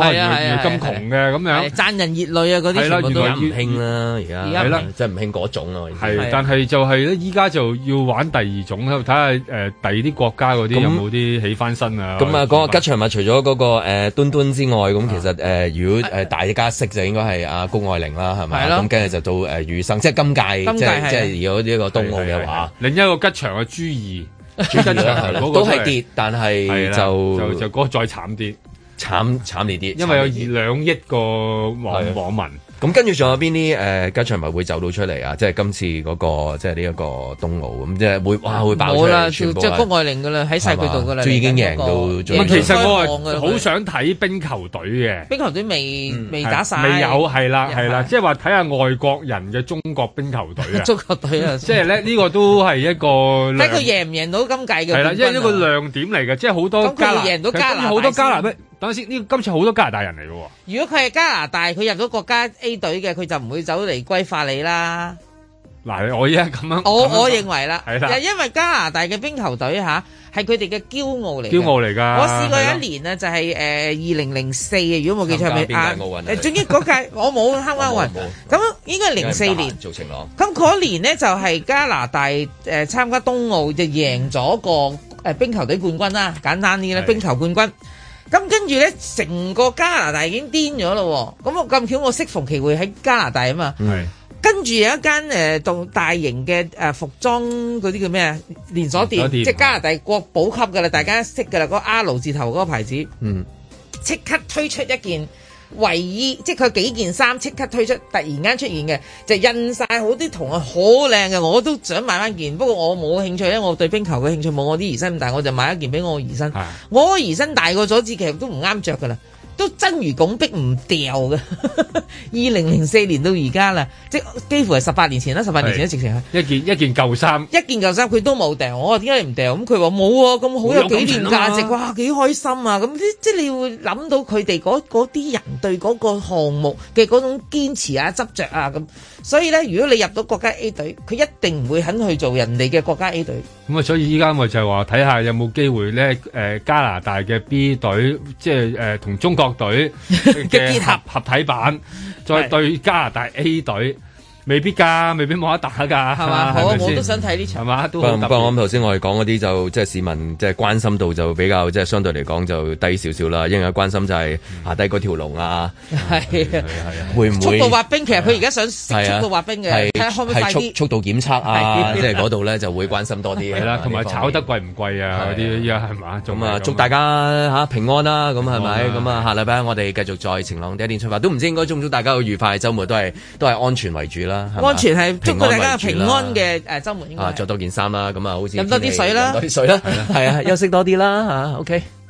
係啊，係啊，咁窮嘅咁樣，賺人熱淚啊嗰啲，係啦，原來唔興啦而家，係啦，真唔興嗰種咯。係，但係就係咧，依家就要玩第二種啦，睇下誒，第二啲國家嗰啲有冇啲起翻身啊？咁啊，講個吉祥物，除咗嗰個誒敦敦之外，咁其實誒，如果誒大家識就應該係阿谷愛凌啦，係咪？咁跟住就到誒羽生，即係今屆，即係即係如果呢一個冬奧嘅話，另一個吉祥嘅朱易，都係跌，但係就就就嗰個再慘啲。慘慘烈啲，點點因為有兩億個網網民，咁跟住仲有邊啲誒，家長咪會走到出嚟啊？即係今次嗰、那個，即係呢一個冬奧咁，即係會哇會爆咗啦，即係谷愛凌噶啦，喺晒佢度噶啦，已經贏到最、那個、其實我好想睇冰球隊嘅，冰球隊未未打晒、嗯，未有係啦係啦，即係話睇下外國人嘅中國冰球隊、啊、 (laughs) 中國隊啊，即係咧呢、這個都係一個睇佢贏唔贏到今屆嘅係啦，因為、就是、一個亮點嚟嘅，即係好多，多加拿大，好多加拿大。先呢？今次好多加拿大人嚟嘅喎。如果佢係加拿大，佢入咗國家 A 隊嘅，佢就唔會走嚟歸化你啦。嗱，我依家咁樣，我我認為啦，就因為加拿大嘅冰球隊吓係佢哋嘅驕傲嚟，驕傲嚟噶。我試過有一年呢，就係誒二零零四，如果冇記錯咪。冰奧運總之嗰屆我冇黑奧運。咁應該係零四年做情郎。咁嗰年呢，就係加拿大誒參加冬奧就贏咗個誒冰球隊冠軍啦，簡單啲呢，冰球冠軍。咁跟住咧，成個加拿大已經癲咗咯。咁我咁巧我適逢其會喺加拿大啊嘛。係。跟住有一間誒、呃，大型嘅、呃、服裝嗰啲叫咩啊？連鎖店，鎖店即係加拿大國寶級㗎啦，嗯、大家識㗎啦，嗰、那、阿、個、R 字頭嗰個牌子。嗯。即刻推出一件。衛衣，即係佢幾件衫，即刻推出，突然間出現嘅，就印晒好啲圖案，好靚嘅，我都想買翻件。不過我冇興趣，因為我對冰球嘅興趣冇我啲兒身咁大，我就買一件俾我兒身。的我兒身大過佐治其實都唔啱着噶啦。都真如拱璧唔掉㗎。二零零四年到而家啦，即係幾乎係十八年前啦，十八年前一是直成一件一件舊衫，一件舊衫佢都冇掉，我話點解你唔掉？咁佢話冇喎，咁好有紀念價值，啊、哇幾開心啊！咁即你會諗到佢哋嗰啲人對嗰個項目嘅嗰種堅持啊、執着啊咁。所以咧，如果你入到國家 A 隊，佢一定唔會肯去做人哋嘅國家 A 隊。咁啊，所以依家咪就係話睇下有冇機會咧？誒，加拿大嘅 B 隊，即係誒同中國隊嘅結合合體版，再對加拿大 A 隊。未必㗎，未必冇得打㗎，係嘛？我都想睇呢場，不過我諗頭先我哋講嗰啲就即係市民即係關心度就比較即係相對嚟講就低少少啦。因為關心就係下低嗰條龍啊，係會唔會？速度滑冰其實佢而家想速度滑冰嘅，睇下可唔可以快啲。速度檢測啊，即係嗰度咧就會關心多啲。係啦，同埋炒得貴唔貴啊？嗰啲依家係嘛？咁啊祝大家平安啦，咁係咪？咁啊下禮拜我哋繼續再晴朗第一天出發，都唔知應該中唔中，大家嘅愉快周末都係都係安全為主啦。安全係，祝福大家平安嘅。誒，周末應該啊著多件衫啦，咁啊，好似飲多啲水啦，飲多啲水啦，係 (laughs) 啊，休息多啲啦吓，OK。 (laughs)